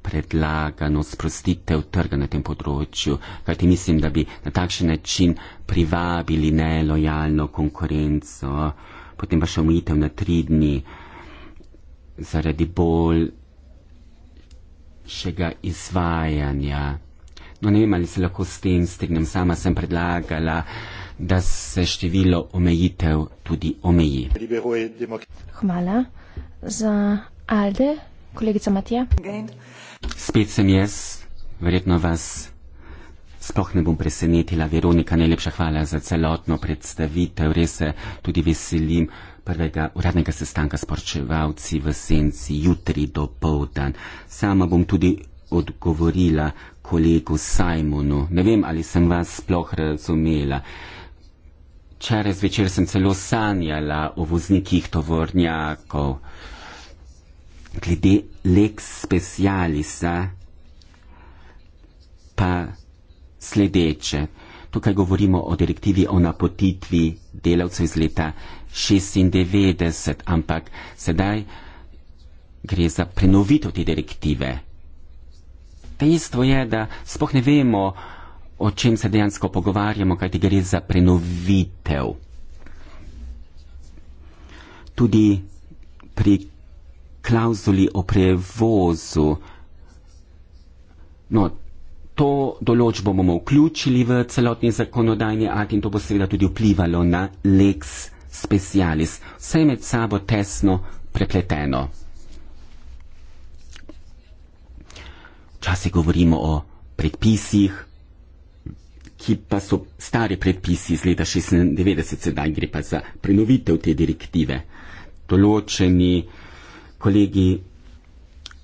predlagano sprostitev trga na tem področju, kajti mislim, da bi na takšen način privabili nelojalno konkurenco, potem pa še omejitev na tri dni zaradi bolj šega izvajanja. No, ne vem, ali se lahko s tem strinjam, sama sem predlagala, da se število omejitev tudi omeji. Hvala za Alde, kolegica Matija. Spet sem jaz, verjetno vas sploh ne bom presenetila. Veronika, najlepša hvala za celotno predstavitev. Res se tudi veselim prvega uradnega sestanka s porčevalci v senci jutri do povdan. Sama bom tudi odgovorila kolegu Simonu. Ne vem, ali sem vas sploh razumela. Včeraj zvečer sem celo sanjala o voznikih tovornjakov glede lex specialisa pa sledeče. Tukaj govorimo o direktivi o napotitvi delavcev iz leta 96, ampak sedaj gre za prenovitev te direktive. Dejstvo je, da spoh ne vemo, o čem se dejansko pogovarjamo, kaj ti gre za prenovitev. Tudi pri klauzuli o prevozu. No, to določbo bomo vključili v celotni zakonodajni akt in to bo seveda tudi vplivalo na lex specialis. Vse je med sabo tesno prepleteno. Včasih govorimo o predpisih, ki pa so stari predpisi iz leta 1996, sedaj gre pa za prenovitev te direktive. Določeni uh, kolegi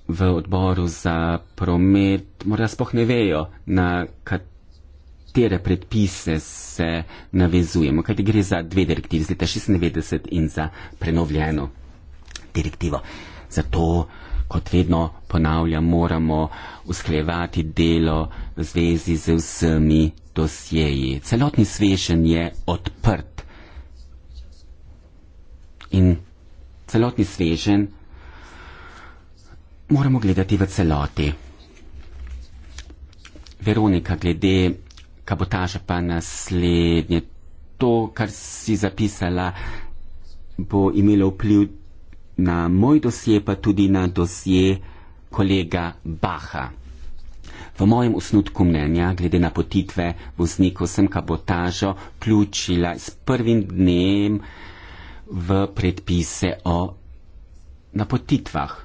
v odboru za promet morda spoh ne vejo, na katere predpise se navezujemo, kajti gre za dve direktivi iz leta 96 in za prenovljeno direktivo. Zato, kot vedno ponavljam, moramo usklejevati delo v zvezi z vsemi dosjeji. Celotni svežen je odprt in celotni svežen moramo gledati v celoti. Veronika, glede kabotaže pa naslednje. To, kar si zapisala, bo imelo vpliv na moj dosje, pa tudi na dosje kolega Baha. V mojem osnutku mnenja, glede na potitve voznikov, sem kabotažo vključila s prvim dnem v predpise o napotitvah.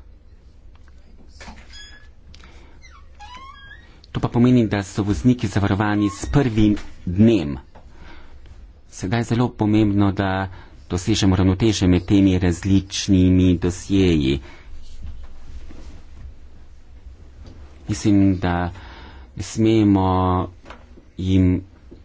To pa pomeni, da so vozniki zavarovani s prvim dnem. Sedaj je zelo pomembno, da dosežemo ravnoteže med temi različnimi dosjeji. Mislim, da ne smemo jim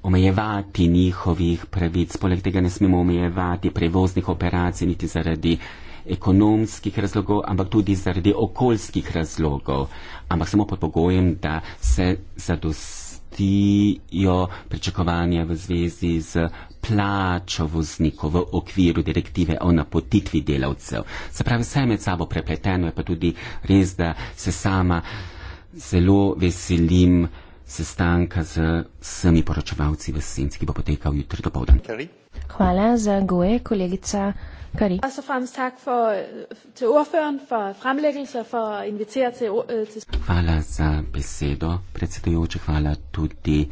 omejevati njihovih pravic, poleg tega ne smemo omejevati prevoznih operacij niti zaradi ekonomskih razlogov, ampak tudi zaradi okoljskih razlogov, ampak samo pod pogojem, da se zadostijo pričakovanja v zvezi z plačo voznikov v okviru direktive o napotitvi delavcev. Se pravi, vse je med sabo prepleteno, je pa tudi res, da se sama zelo veselim sestanka z vsemi poročevalci v Sinci, ki bo potekal jutri do povdanja. Hvala za gode, kolegica Kari. Først og fremmest tak for, til ordføreren for fremlæggelse og for at invitere til, øh, til... Hvala za besedo, predsedujoče, hvala tudi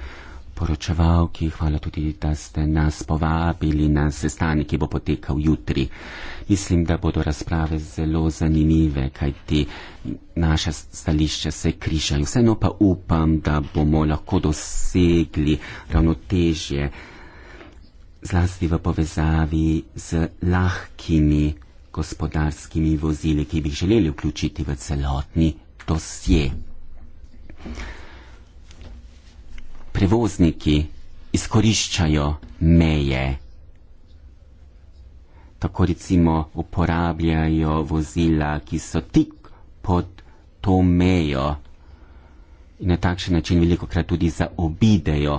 poročevalki, hvala tudi, da ste nas povabili na sestanek, ki bo potekal jutri. Mislim, da bodo razprave zelo zanimive, kajti naše stališče se križajo. Vseeno pa upam, da bomo lahko dosegli ravnotežje zlasti v povezavi z lahkimi gospodarskimi vozili, ki bi jih želeli vključiti v celotni dosje. Prevozniki izkoriščajo meje. Tako recimo uporabljajo vozila, ki so tik pod to mejo in na takšen način veliko krat tudi zaobidejo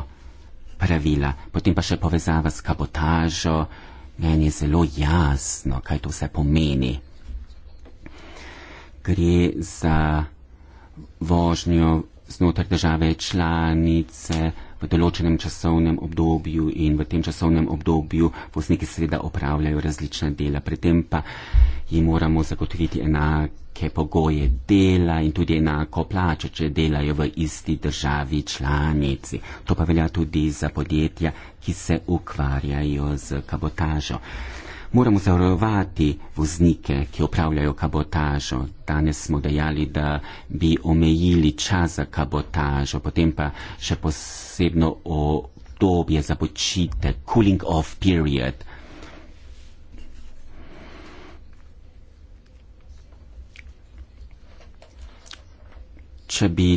pravila, potem pa še povezava s kabotažo, meni je zelo jasno, kaj to vse pomeni. Gre za vožnjo znotraj države članice, določenem časovnem obdobju in v tem časovnem obdobju vozniki seveda opravljajo različna dela. Pri tem pa jim moramo zagotoviti enake pogoje dela in tudi enako plače, če delajo v isti državi članici. To pa velja tudi za podjetja, ki se ukvarjajo z kabotažo moramo zavarovati voznike, ki opravljajo kabotažo. Danes smo dejali, da bi omejili čas za kabotažo, potem pa še posebno obdobje za počitek, cooling off period. Če bi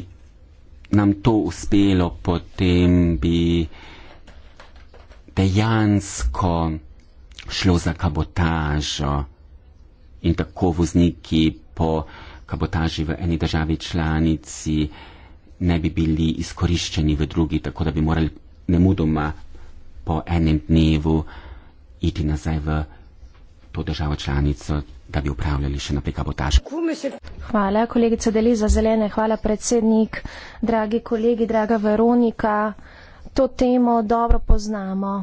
nam to uspelo, potem bi dejansko šlo za kabotažo in tako vozniki po kabotaži v eni državi članici ne bi bili izkoriščeni v drugi, tako da bi morali nemudoma po enem dnevu iti nazaj v to državo članico, da bi upravljali še naprej kabotaž. Hvala, kolegica Deliza Zelene, hvala predsednik, dragi kolegi, draga Veronika. To temo dobro poznamo.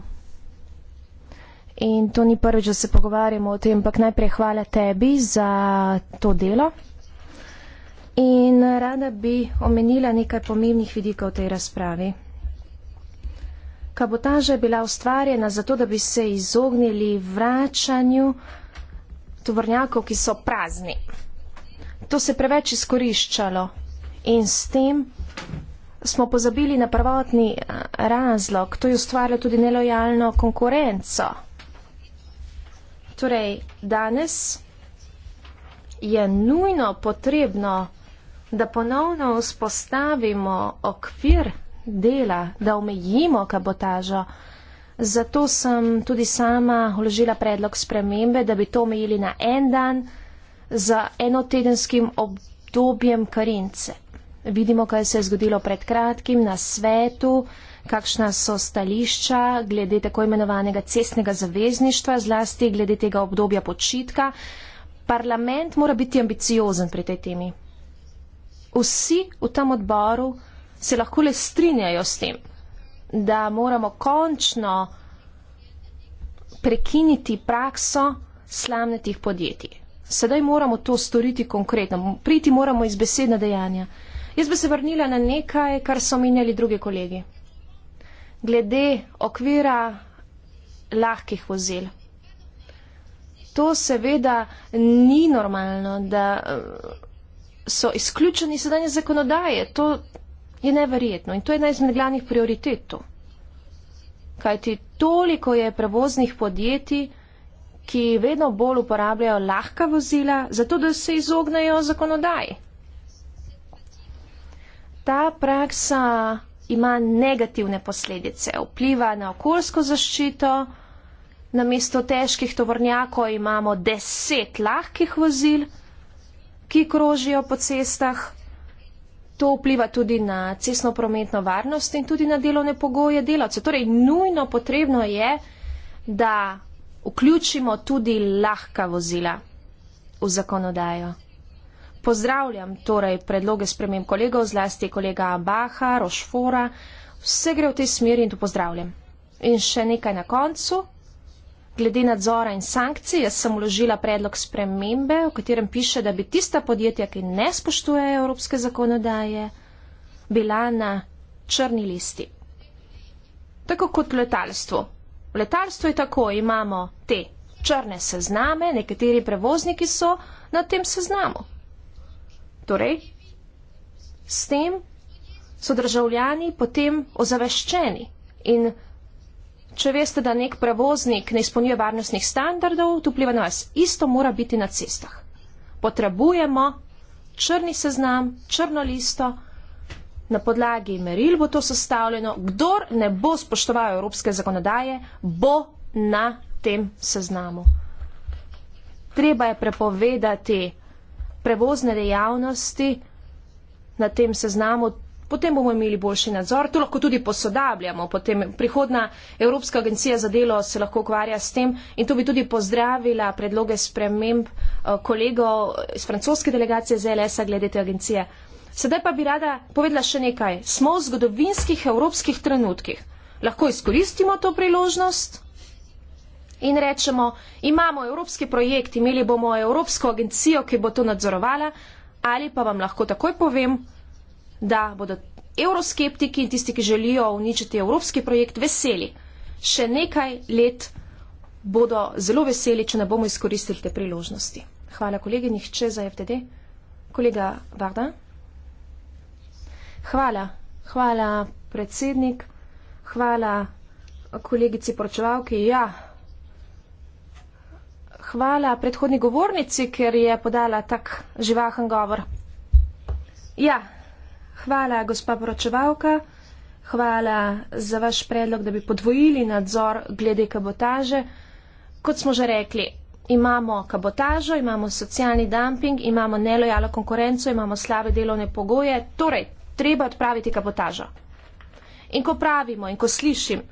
In to ni prvič, da se pogovarjamo o tem, ampak najprej hvala tebi za to delo. In rada bi omenila nekaj pomembnih vidikov tej razpravi. Kabotaža je bila ustvarjena zato, da bi se izognili vračanju tovrnjakov, ki so prazni. To se preveč izkoriščalo in s tem smo pozabili na prvotni eh, razlog. To je ustvarjalo tudi nelojalno konkurenco. Torej, danes je nujno potrebno, da ponovno vzpostavimo okvir dela, da omejimo kabotažo. Zato sem tudi sama vložila predlog spremembe, da bi to omejili na en dan za enotedenskim obdobjem karince. Vidimo, kaj se je zgodilo pred kratkim na svetu kakšna so stališča glede tako imenovanega cestnega zavezništva, zlasti glede tega obdobja počitka. Parlament mora biti ambiciozen pri tej temi. Vsi v tem odboru se lahko le strinjajo s tem, da moramo končno prekiniti prakso slamnetih podjetij. Sedaj moramo to storiti konkretno, priti moramo iz besedna dejanja. Jaz bi se vrnila na nekaj, kar so omenjali drugi kolegi glede okvira lahkih vozil. To seveda ni normalno, da eh, so izključeni sedanje zakonodaje. To je neverjetno in to je ena izmed glavnih prioritet. Kajti toliko je prevoznih podjetij, ki vedno bolj uporabljajo lahka vozila, zato da se izognejo zakonodaji. Ta praksa ima negativne posledice, vpliva na okoljsko zaščito. Na mesto težkih tovornjakov imamo deset lahkih vozil, ki krožijo po cestah. To vpliva tudi na cestno prometno varnost in tudi na delovne pogoje delavcev. Torej, nujno potrebno je, da vključimo tudi lahka vozila v zakonodajo. Pozdravljam torej predloge sprememb kolegov, zlasti kolega Baha, Rošfora. Vse gre v tej smeri in to pozdravljam. In še nekaj na koncu. Glede nadzora in sankcij, jaz sem uložila predlog spremembe, v katerem piše, da bi tista podjetja, ki ne spoštujejo evropske zakonodaje, bila na črni listi. Tako kot v letalstvu. V letalstvu je tako, imamo te črne sezname, nekateri prevozniki so na tem seznamu. Torej, s tem so državljani potem ozaveščeni in če veste, da nek prevoznik ne izpolnjuje varnostnih standardov, to pliva na vas. Isto mora biti na cestah. Potrebujemo črni seznam, črno listo, na podlagi meril bo to sestavljeno, kdor ne bo spoštoval evropske zakonodaje, bo na tem seznamu. Treba je prepovedati prevozne dejavnosti na tem seznamu. Potem bomo imeli boljši nadzor, to lahko tudi posodabljamo. Potem prihodna Evropska agencija za delo se lahko ukvarja s tem in to bi tudi pozdravila predloge sprememb eh, kolegov iz francoske delegacije ZLS-a glede te agencije. Sedaj pa bi rada povedala še nekaj. Smo v zgodovinskih evropskih trenutkih. Lahko izkoristimo to priložnost in rečemo, imamo evropski projekt, imeli bomo evropsko agencijo, ki bo to nadzorovala, ali pa vam lahko takoj povem, da bodo evroskeptiki in tisti, ki želijo uničiti evropski projekt, veseli. Še nekaj let bodo zelo veseli, če ne bomo izkoristili te priložnosti. Hvala kolegi, nihče za FTD. Kolega Varda. Hvala. Hvala predsednik. Hvala kolegici poročevalki. Ja, hvala predhodni govornici, ker je podala tak živahen govor. Ja, hvala, gospa poročevalka. Hvala za vaš predlog, da bi podvojili nadzor glede kabotaže. Kot smo že rekli, imamo kabotažo, imamo socialni dumping, imamo nelojalo konkurenco, imamo slabe delovne pogoje, torej treba odpraviti kabotažo. In ko pravimo in ko slišim,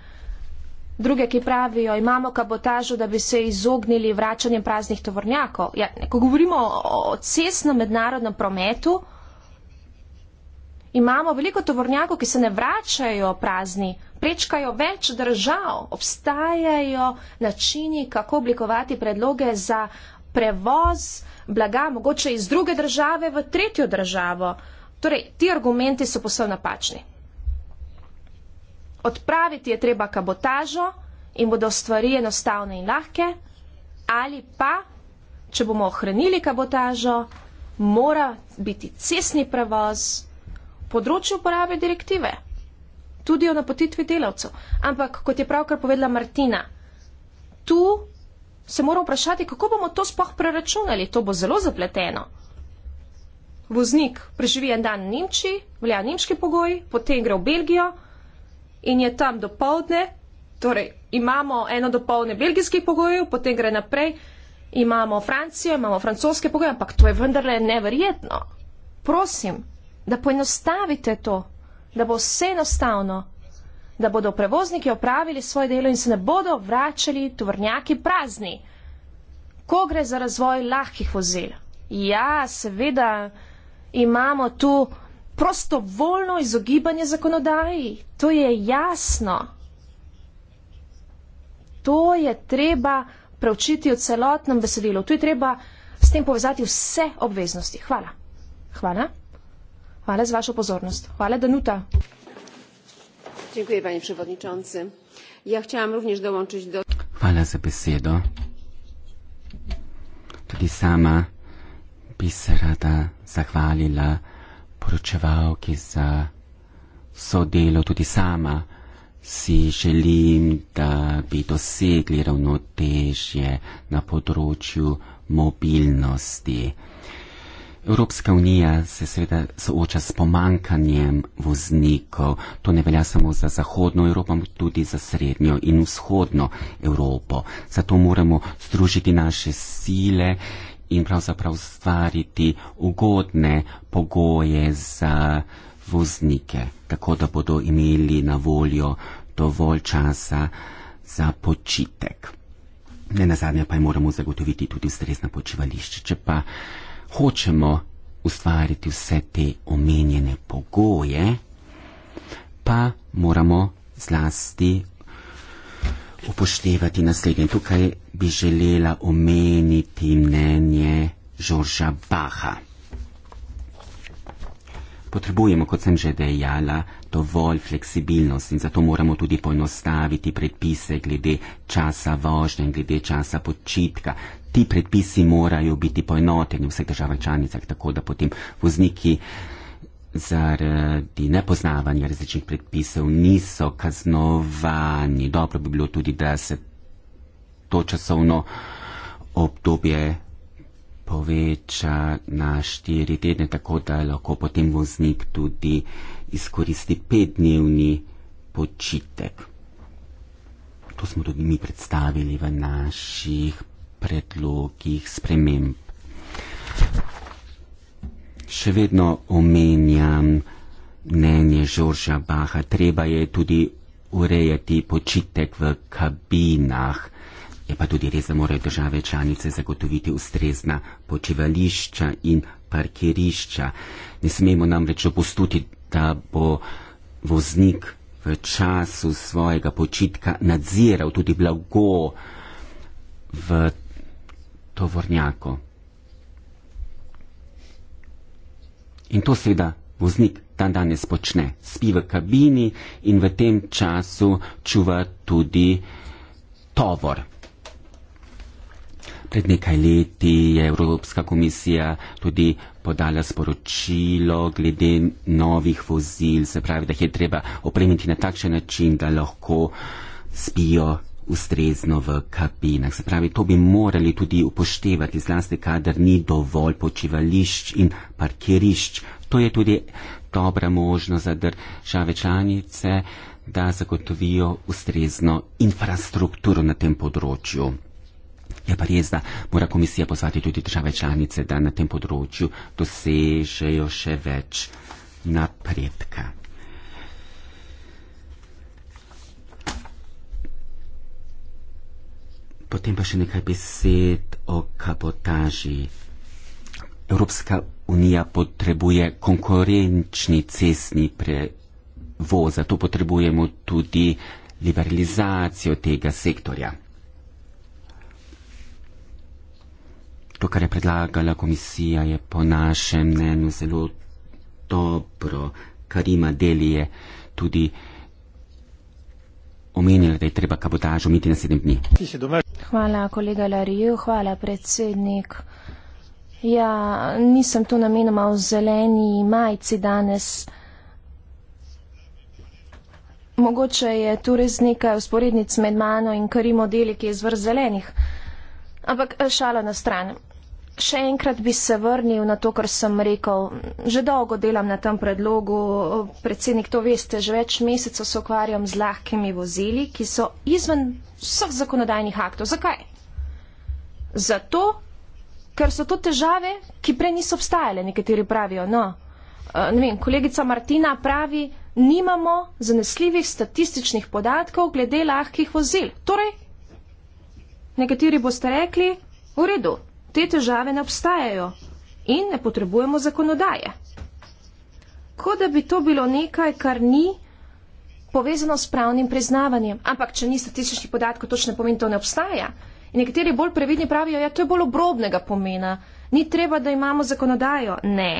Druge, ki pravijo, imamo kabotažo, da bi se izognili vračanjem praznih tovornjakov. Ja, ko govorimo o cestnem mednarodnem prometu, imamo veliko tovornjakov, ki se ne vračajo prazni, prečkajo več držav. Obstajajo načini, kako oblikovati predloge za prevoz blaga, mogoče iz druge države v tretjo državo. Torej, ti argumenti so posebno napačni odpraviti je treba kabotažo in bodo stvari enostavne in lahke, ali pa, če bomo ohranili kabotažo, mora biti cesni prevoz v področju uporabe direktive, tudi o napotitvi delavcev. Ampak, kot je pravkar povedala Martina, tu se moramo vprašati, kako bomo to spoh preračunali, to bo zelo zapleteno. Voznik preživi en dan v Nemčiji, velja nemški pogoj, potem gre v Belgijo, in je tam dopoledne, torej imamo eno dopoledne belgijskih pogojev, potem gre naprej, imamo Francijo, imamo francoske pogoje, ampak to je vendarle neverjetno. Prosim, da poenostavite to, da bo vse enostavno, da bodo prevozniki opravili svoje delo in se ne bodo vračali tovrnjaki prazni. Ko gre za razvoj lahkih vozil? Ja, seveda imamo tu prostovoljno izogibanje zakonodaji. To je jasno. To je treba preučiti v celotnem besedilu. To je treba s tem povezati vse obveznosti. Hvala. Hvala. Hvala za vašo pozornost. Hvala, Danuta. Ja Hvala za besedo. Tudi sama bi se rada zahvalila poročevalki za sodelo, tudi sama si želim, da bi dosegli ravnotežje na področju mobilnosti. Evropska unija se seveda sooča s pomankanjem voznikov. To ne velja samo za Zahodno Evropo, ampak tudi za Srednjo in Vzhodno Evropo. Zato moramo združiti naše sile in pravzaprav ustvariti ugodne pogoje za voznike, tako da bodo imeli na voljo dovolj časa za počitek. Ne na zadnje pa jim moramo zagotoviti tudi ustrezna počivališča. Če pa hočemo ustvariti vse te omenjene pogoje, pa moramo zlasti upoštevati naslednje. Tukaj bi želela omeniti mnenje Žorža Baha. Potrebujemo, kot sem že dejala, dovolj fleksibilnost in zato moramo tudi poenostaviti predpise glede časa vožnje in glede časa počitka. Ti predpisi morajo biti poenoteni v vseh državah članicah, tako da potem vozniki uh, zaradi nepoznavanja različnih predpisov niso kaznovani. Dobro bi bilo tudi, da se to časovno obdobje poveča na štiri tedne, tako da lahko potem voznik tudi izkoristi petdnevni počitek. To smo tudi mi predstavili v naših predlogih sprememb še vedno omenjam mnenje Žorža Baha, treba je tudi urejati počitek v kabinah. Je pa tudi res, da morajo države članice zagotoviti ustrezna počivališča in parkirišča. Ne smemo namreč opustiti, da bo voznik v času svojega počitka nadziral tudi blago v tovornjako. In to seveda voznik dan danes počne. Spi v kabini in v tem času čuva tudi tovor. Pred nekaj leti je Evropska komisija tudi podala sporočilo glede novih vozil, se pravi, da jih je treba opremiti na takšen način, da lahko spijo ustrezno v kabinah. Se pravi, to bi morali tudi upoštevati, zlasti kadar ni dovolj počivališč in parkirišč. To je tudi dobra možnost za države članice, da zagotovijo ustrezno infrastrukturo na tem področju. Je pa res, da mora komisija pozvati tudi države članice, da na tem področju dosežejo še več napredka. Potem pa še nekaj besed o kabotaži. Evropska unija potrebuje konkurenčni cestni prevoz, zato potrebujemo tudi liberalizacijo tega sektorja. To, kar je predlagala komisija, je po našem mnenju zelo dobro, kar ima delije tudi omenili, da je treba kabotažo umiti na sedem dni. Hvala, kolega Lariju, hvala, predsednik. Ja, nisem tu namenoma v zeleni majici danes. Mogoče je tu res nekaj usporednic med mano in Karimo deli, ki je zvrz zelenih. Ampak eh, šalo na stran. Še enkrat bi se vrnil na to, kar sem rekel. Že dolgo delam na tem predlogu. Predsednik, to veste, že več mesecev se ukvarjam z lahkimi vozili, ki so izven vseh zakonodajnih aktov. Zakaj? Zato, ker so to težave, ki prej niso obstajale, nekateri pravijo. No, eh, ne vem, kolegica Martina pravi, nimamo zanesljivih statističnih podatkov glede lahkih vozil. Torej, nekateri boste rekli, v redu, te težave ne obstajajo in ne potrebujemo zakonodaje. Kot da bi to bilo nekaj, kar ni povezano s pravnim priznavanjem. Ampak, če ni statističnih podatkov, točno pomeni, to ne obstaja. In nekateri bolj previdni pravijo, da ja, je to bolj obrobnega pomena, ni treba, da imamo zakonodajo. Ne.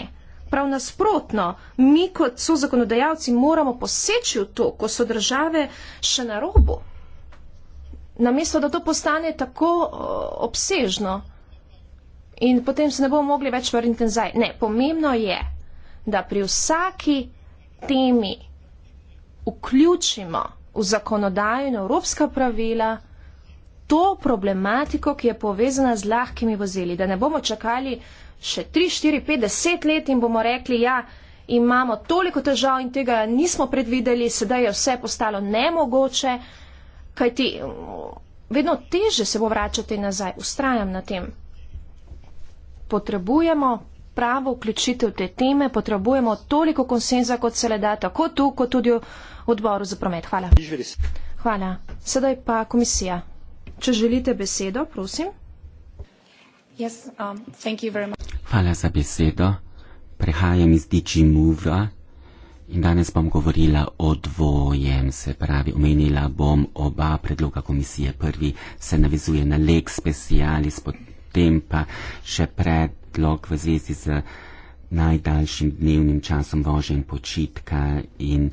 Prav nasprotno, mi kot so zakonodajalci moramo poseči v to, ko so države še na robu, namesto da to postane tako obsežno in potem se ne bomo mogli več vrniti nazaj. Ne, pomembno je, da pri vsaki temi vključimo v zakonodajo in evropska pravila to problematiko, ki je povezana z lahkimi vozili. Da ne bomo čakali še 3, 4, 5, 10 let in bomo rekli, ja, imamo toliko težav in tega nismo predvideli, sedaj je vse postalo nemogoče, kajti mm, vedno teže se bo vračati nazaj. Ustrajam na tem potrebujemo pravo vključitev te teme, potrebujemo toliko konsenza, kot se le da, tako tu, kot tudi v odboru za promet. Hvala. Hvala. Sedaj pa komisija. Če želite besedo, prosim. Yes, um, Hvala za besedo. Prehajam iz Digimuva in danes bom govorila o dvojem, se pravi, omenila bom oba predloga komisije. Prvi se navizuje na lek specialis potem pa še predlog v zvezi z najdaljšim dnevnim časom vožnje in počitka in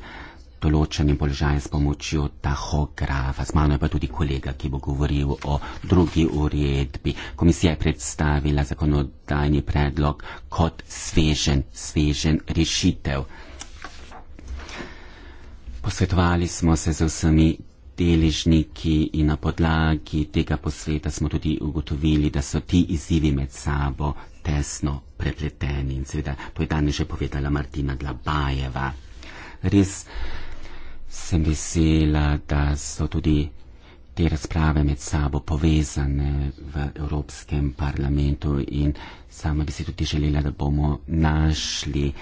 določanje položaja s pomočjo tahografa. Z mano je pa tudi kolega, ki bo govoril o drugi uredbi. Komisija je predstavila zakonodajni predlog kot svežen, svežen rešitev. Posvetovali smo se z vsemi deležniki in na podlagi tega posveta smo tudi ugotovili, da so ti izzivi med sabo tesno prepleteni in seveda to je danes že povedala Martina Dlabajeva. Res sem vesela, da so tudi te razprave med sabo povezane v Evropskem parlamentu in sama bi si tudi želela, da bomo našli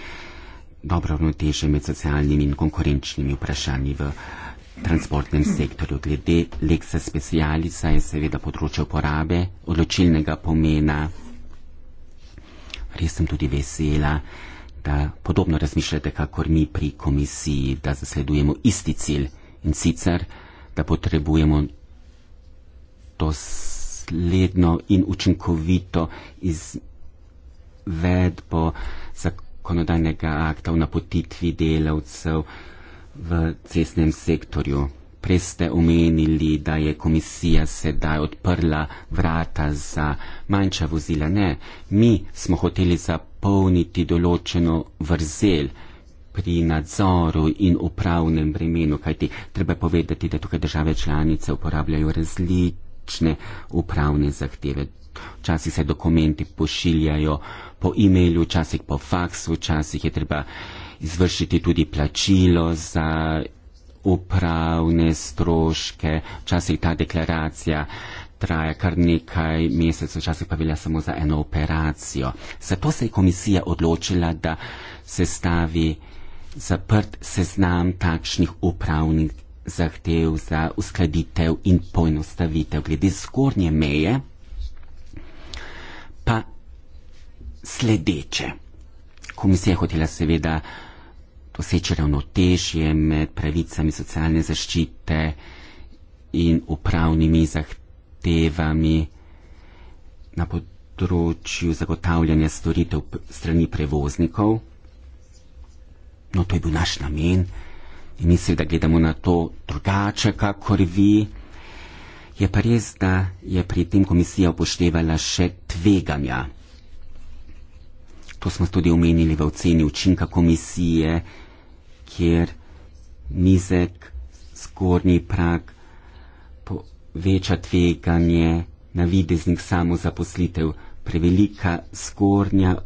dobro ravnoteže med socialnimi in konkurenčnimi vprašanji v Evropskem parlamentu transportnem sektorju. Glede leksa specialisa je seveda področje uporabe odločilnega pomena. Res sem tudi vesela, da podobno razmišljate, kakor mi pri komisiji, da zasledujemo isti cilj in sicer, da potrebujemo dosledno in učinkovito izvedbo zakonodajnega akta v napotitvi delavcev v cestnem sektorju. Prej ste omenili, da je komisija sedaj odprla vrata za manjša vozila. Ne, mi smo hoteli zapolniti določeno vrzel pri nadzoru in upravnem bremenu, kajti treba povedati, da tukaj države članice uporabljajo različne upravne zahteve. Včasih se dokumenti pošiljajo po e-mailu, včasih po faksu, včasih je treba izvršiti tudi plačilo za upravne stroške. Včasih ta deklaracija traja kar nekaj mesecev, včasih pa velja samo za eno operacijo. Zato se je komisija odločila, da sestavi zaprt seznam takšnih upravnih zahtev za uskladitev in poenostavitev. Glede zgornje meje pa sledeče. Komisija je hotela seveda doseči ravnotežje med pravicami socialne zaščite in upravnimi zahtevami na področju zagotavljanja storitev strani prevoznikov. No, to je bil naš namen in mislim, da gledamo na to drugače, kakor vi. Je pa res, da je pri tem komisija upoštevala še tveganja. To smo tudi omenili v oceni učinka komisije, kjer nizek zgornji prag poveča tveganje navideznih samozaposlitev, prevelika zgornja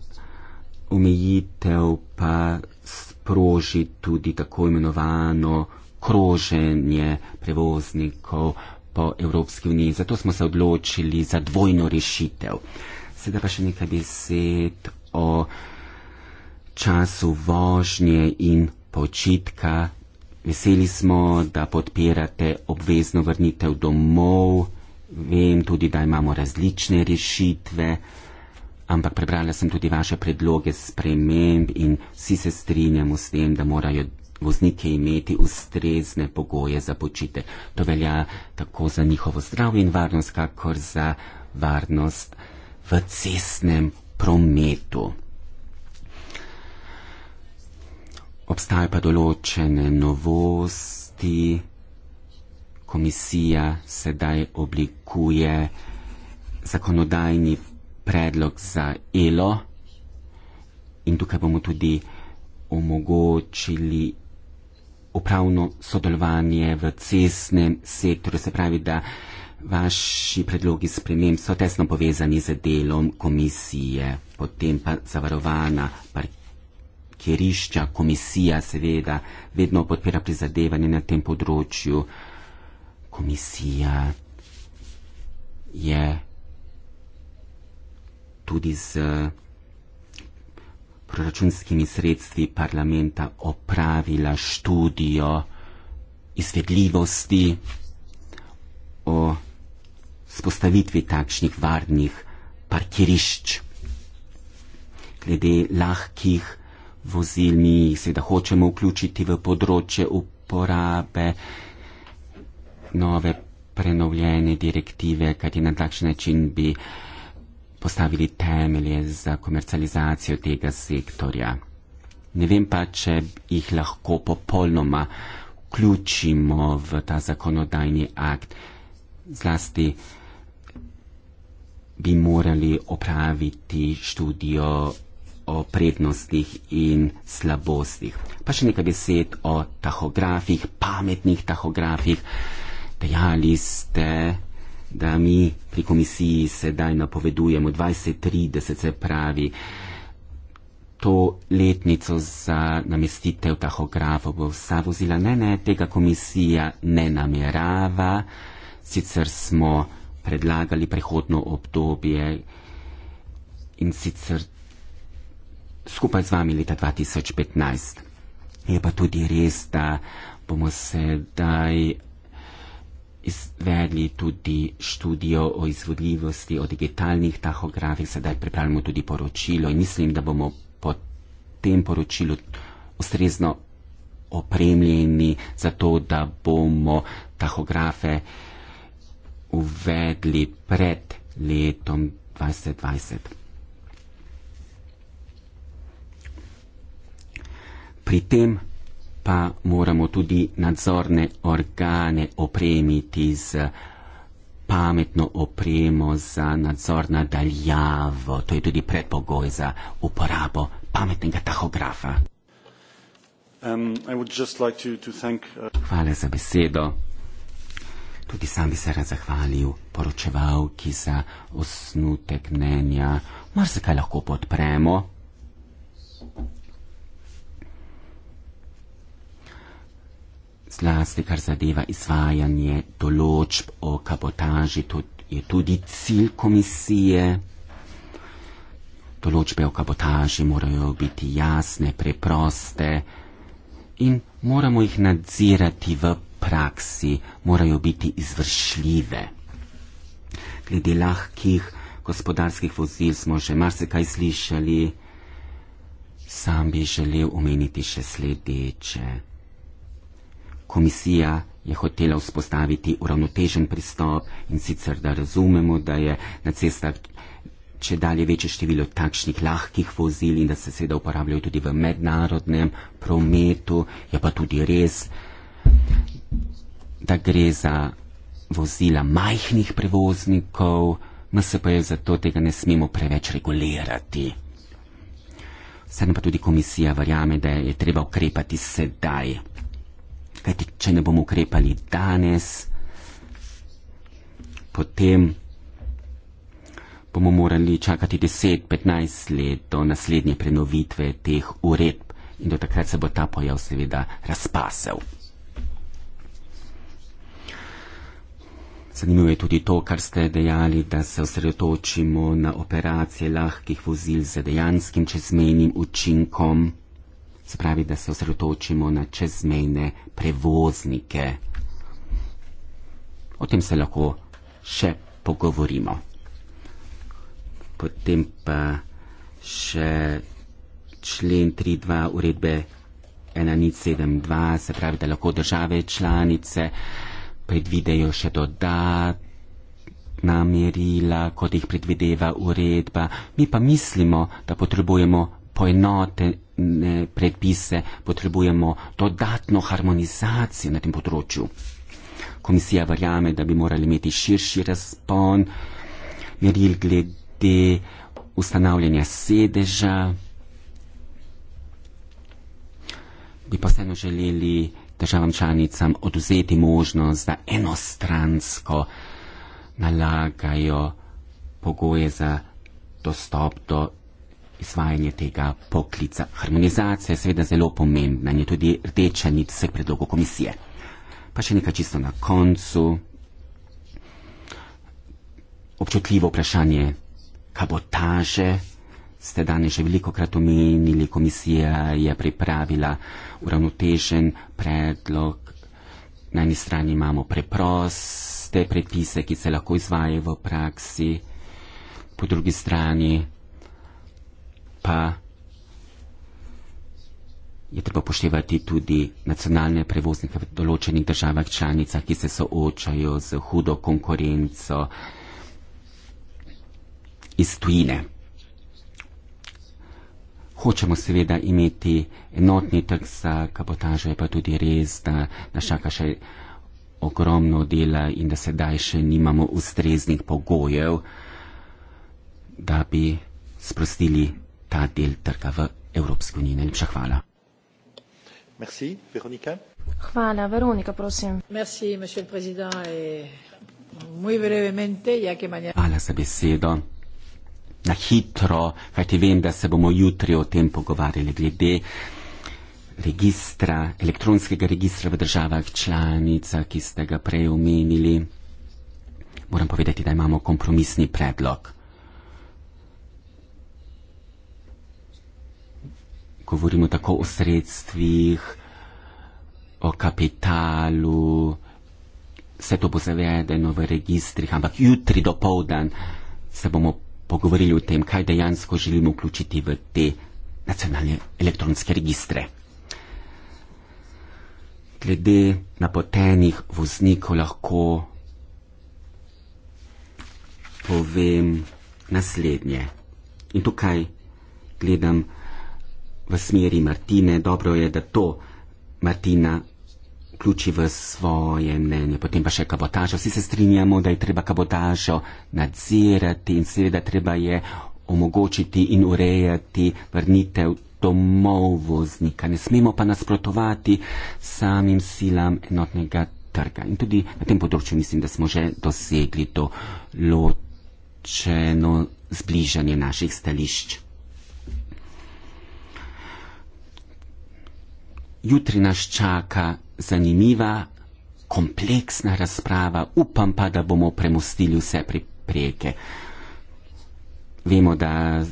omejitev pa sproži tudi tako imenovano kroženje prevoznikov po Evropski uniji. Zato smo se odločili za dvojno rešitev. Sedaj pa še nekaj besed o času vožnje in počitka. Veseli smo, da podpirate obvezno vrnitev domov. Vem tudi, da imamo različne rešitve, ampak prebrala sem tudi vaše predloge sprememb in vsi se strinjamo s tem, da morajo voznike imeti ustrezne pogoje za počitek. To velja tako za njihovo zdravje in varnost, kakor za varnost v cestnem prometu. obstaja pa določene novosti. Komisija sedaj oblikuje zakonodajni predlog za ELO in tukaj bomo tudi omogočili upravno sodelovanje v cesnem sektorju, se pravi, da vaši predlogi sprememb so tesno povezani z delom komisije, potem pa zavarovana parkirja kjerišča, komisija seveda vedno podpira prizadevanje na tem področju. Komisija je tudi z proračunskimi sredstvi parlamenta opravila študijo izvedljivosti o spostavitvi takšnih varnih parkirišč. Glede lahkih vozil mi jih seveda hočemo vključiti v področje uporabe nove prenovljene direktive, kajti na takšen način bi postavili temelje za komercializacijo tega sektorja. Ne vem pa, če jih lahko popolnoma vključimo v ta zakonodajni akt. Zlasti bi morali opraviti študijo o prednostih in slabostih. Pa še nekaj besed o tahografih, pametnih tahografih. Dejali ste, da mi pri komisiji sedaj napovedujemo 2030, se pravi, to letnico za namestitev tahografov bo vsa vozila. Ne, ne, tega komisija ne namerava. Sicer smo predlagali prehodno obdobje in sicer skupaj z vami leta 2015. Je pa tudi res, da bomo sedaj izvedli tudi študijo o izvodljivosti, o digitalnih tahografih, sedaj pripravljamo tudi poročilo in mislim, da bomo po tem poročilu ustrezno opremljeni za to, da bomo tahografe uvedli pred letom 2020. Pri tem pa moramo tudi nadzorne organe opremiti z pametno opremo za nadzor nadaljavo. To je tudi predpogoj za uporabo pametnega tahografa. Um, like to, to thank, uh... Hvala za besedo. Tudi sam bi se rad zahvalil poročevalki za osnutek mnenja. Mar se kaj lahko podpremo? zlasti kar zadeva izvajanje določb o kabotaži, to je tudi cilj komisije. Določbe o kabotaži morajo biti jasne, preproste in moramo jih nadzirati v praksi, morajo biti izvršljive. Glede lahkih gospodarskih vozil smo že marsikaj slišali. Sam bi želel omeniti še sledeče komisija je hotela vzpostaviti uravnotežen pristop in sicer, da razumemo, da je na cestah če dalje večje število takšnih lahkih vozil in da se seveda uporabljajo tudi v mednarodnem prometu, je pa tudi res, da gre za vozila majhnih prevoznikov, MSP je zato tega ne smemo preveč regulirati. Sedaj pa tudi komisija verjame, da je treba ukrepati sedaj kajti če ne bomo ukrepali danes, potem bomo morali čakati 10-15 let do naslednje prenovitve teh uredb in do takrat se bo ta pojav seveda razpasel. Zanimivo je tudi to, kar ste dejali, da se osredotočimo na operacije lahkih vozil z dejanskim čezmejnim učinkom spravi, da se osredotočimo na čezmejne prevoznike. O tem se lahko še pogovorimo. Potem pa še člen 3.2 uredbe 1.7.2, se pravi, da lahko države članice predvidejo še dodatna merila, kot jih predvideva uredba. Mi pa mislimo, da potrebujemo poenoten ne, predpise, potrebujemo dodatno harmonizacijo na tem področju. Komisija verjame, da bi morali imeti širši razpon, meril glede ustanavljanja sedeža. Bi pa vseeno želeli državam članicam oduzeti možnost, da enostransko nalagajo pogoje za dostop do izvajanje tega poklica. Harmonizacija je seveda zelo pomembna in je tudi rdeča nit vseh predlogov komisije. Pa še nekaj čisto na koncu. Občutljivo vprašanje kabotaže. Ste danes že veliko krat omenili, komisija je pripravila uravnotežen predlog. Na eni strani imamo preproste predpise, ki se lahko izvajajo v praksi, po drugi strani pa je treba upoštevati tudi nacionalne prevoznike v določenih državah članicah, ki se soočajo z hudo konkurenco iz tujine. Hočemo seveda imeti enotni trg za kabotažo, je pa tudi res, da nas čaka še ogromno dela in da sedaj še nimamo ustreznih pogojev, da bi sprostili ta del trga v Evropski uniji. Najlepša hvala. Merci, Veronika. Hvala, Veronika, prosim. Merci, monsieur président. Muy brevemente, ya que mañana... Hvala za besedo. Na hitro, kajti vem, da se bomo jutri o tem pogovarjali glede registra, elektronskega registra v državah članica, ki ste ga prej omenili. Moram povedati, da imamo kompromisni predlog. govorimo tako o sredstvih, o kapitalu, vse to bo zavedeno v registrih, ampak jutri do povdan se bomo pogovorili o tem, kaj dejansko želimo vključiti v te nacionalne elektronske registre. Glede napotenih voznikov lahko povem naslednje. In tukaj gledam, v smeri Martine, dobro je, da to Martina vključi v svoje mnenje. Potem pa še kabotažo. Vsi se strinjamo, da je treba kabotažo nadzirati in seveda treba je omogočiti in urejati vrnitev domov voznika. Ne smemo pa nasprotovati samim silam enotnega trga. In tudi na tem področju mislim, da smo že dosegli to ločeno zbližanje naših stališč. jutri nas čaka zanimiva, kompleksna razprava, upam pa, da bomo premustili vse prepreke. Vemo, da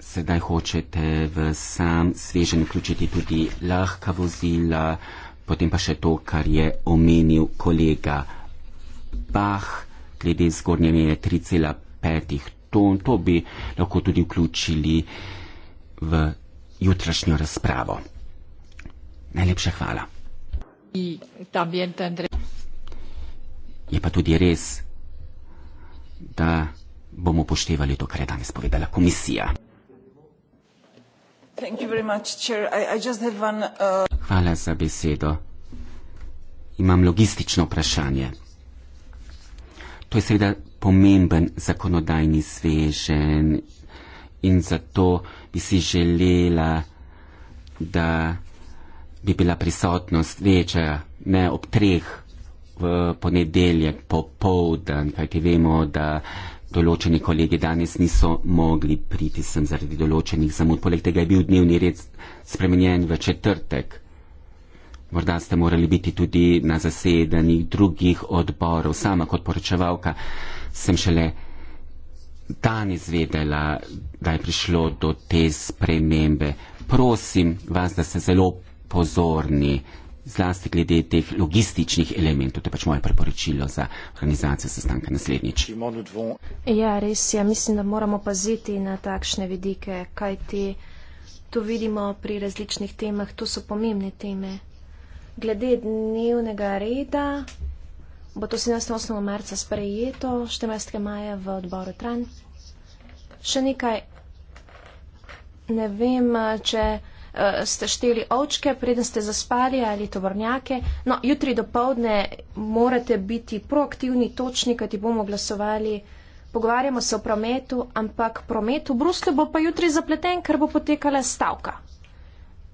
sedaj hočete v sam svežen vključiti tudi lahka vozila, potem pa še to, kar je omenil kolega Bach, glede zgornje meje 3,5 ton, to bi lahko tudi vključili v jutrašnjo razpravo najlepša hvala. Je pa tudi res, da bomo upoštevali to, kar je danes povedala komisija. Uh, hvala za besedo. Imam logistično vprašanje. To je seveda pomemben zakonodajni svežen in zato bi si želela, da bi bila prisotnost večja, ne ob treh v ponedeljek, popovdan, kajti vemo, da določeni kolegi danes niso mogli priti sem zaradi določenih zamud. Poleg tega je bil dnevni red spremenjen v četrtek. Morda ste morali biti tudi na zasedanjih drugih odborov. Sama kot poročevalka sem šele danes vedela, da je prišlo do te spremembe. Prosim vas, da se zelo pozorni, zlasti glede teh logističnih elementov. To je pač moje preporočilo za organizacijo sestanka naslednjič. Ja, res je. Ja, mislim, da moramo paziti na takšne vidike, kaj ti to vidimo pri različnih temah. To so pomembne teme. Glede dnevnega reda. Bo to 78. marca sprejeto, 14. maja v odboru Tran. Še nekaj. Ne vem, če uh, ste šteli ovčke, preden ste zaspali ali tovornjake. No, jutri do povdne morate biti proaktivni, točni, kajti bomo glasovali. Pogovarjamo se o prometu, ampak promet v Bruslju bo pa jutri zapleten, ker bo potekala stavka.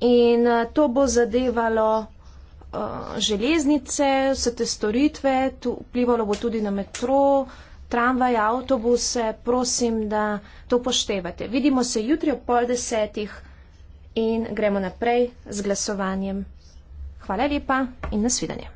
In uh, to bo zadevalo uh, železnice, vse te storitve, tu, vplivalo bo tudi na metro, tramvaje, avtobuse. Prosim, da to poštevate. Vidimo se jutri ob pol desetih in gremo naprej z glasovanjem. Hvala lepa in nasvidenje.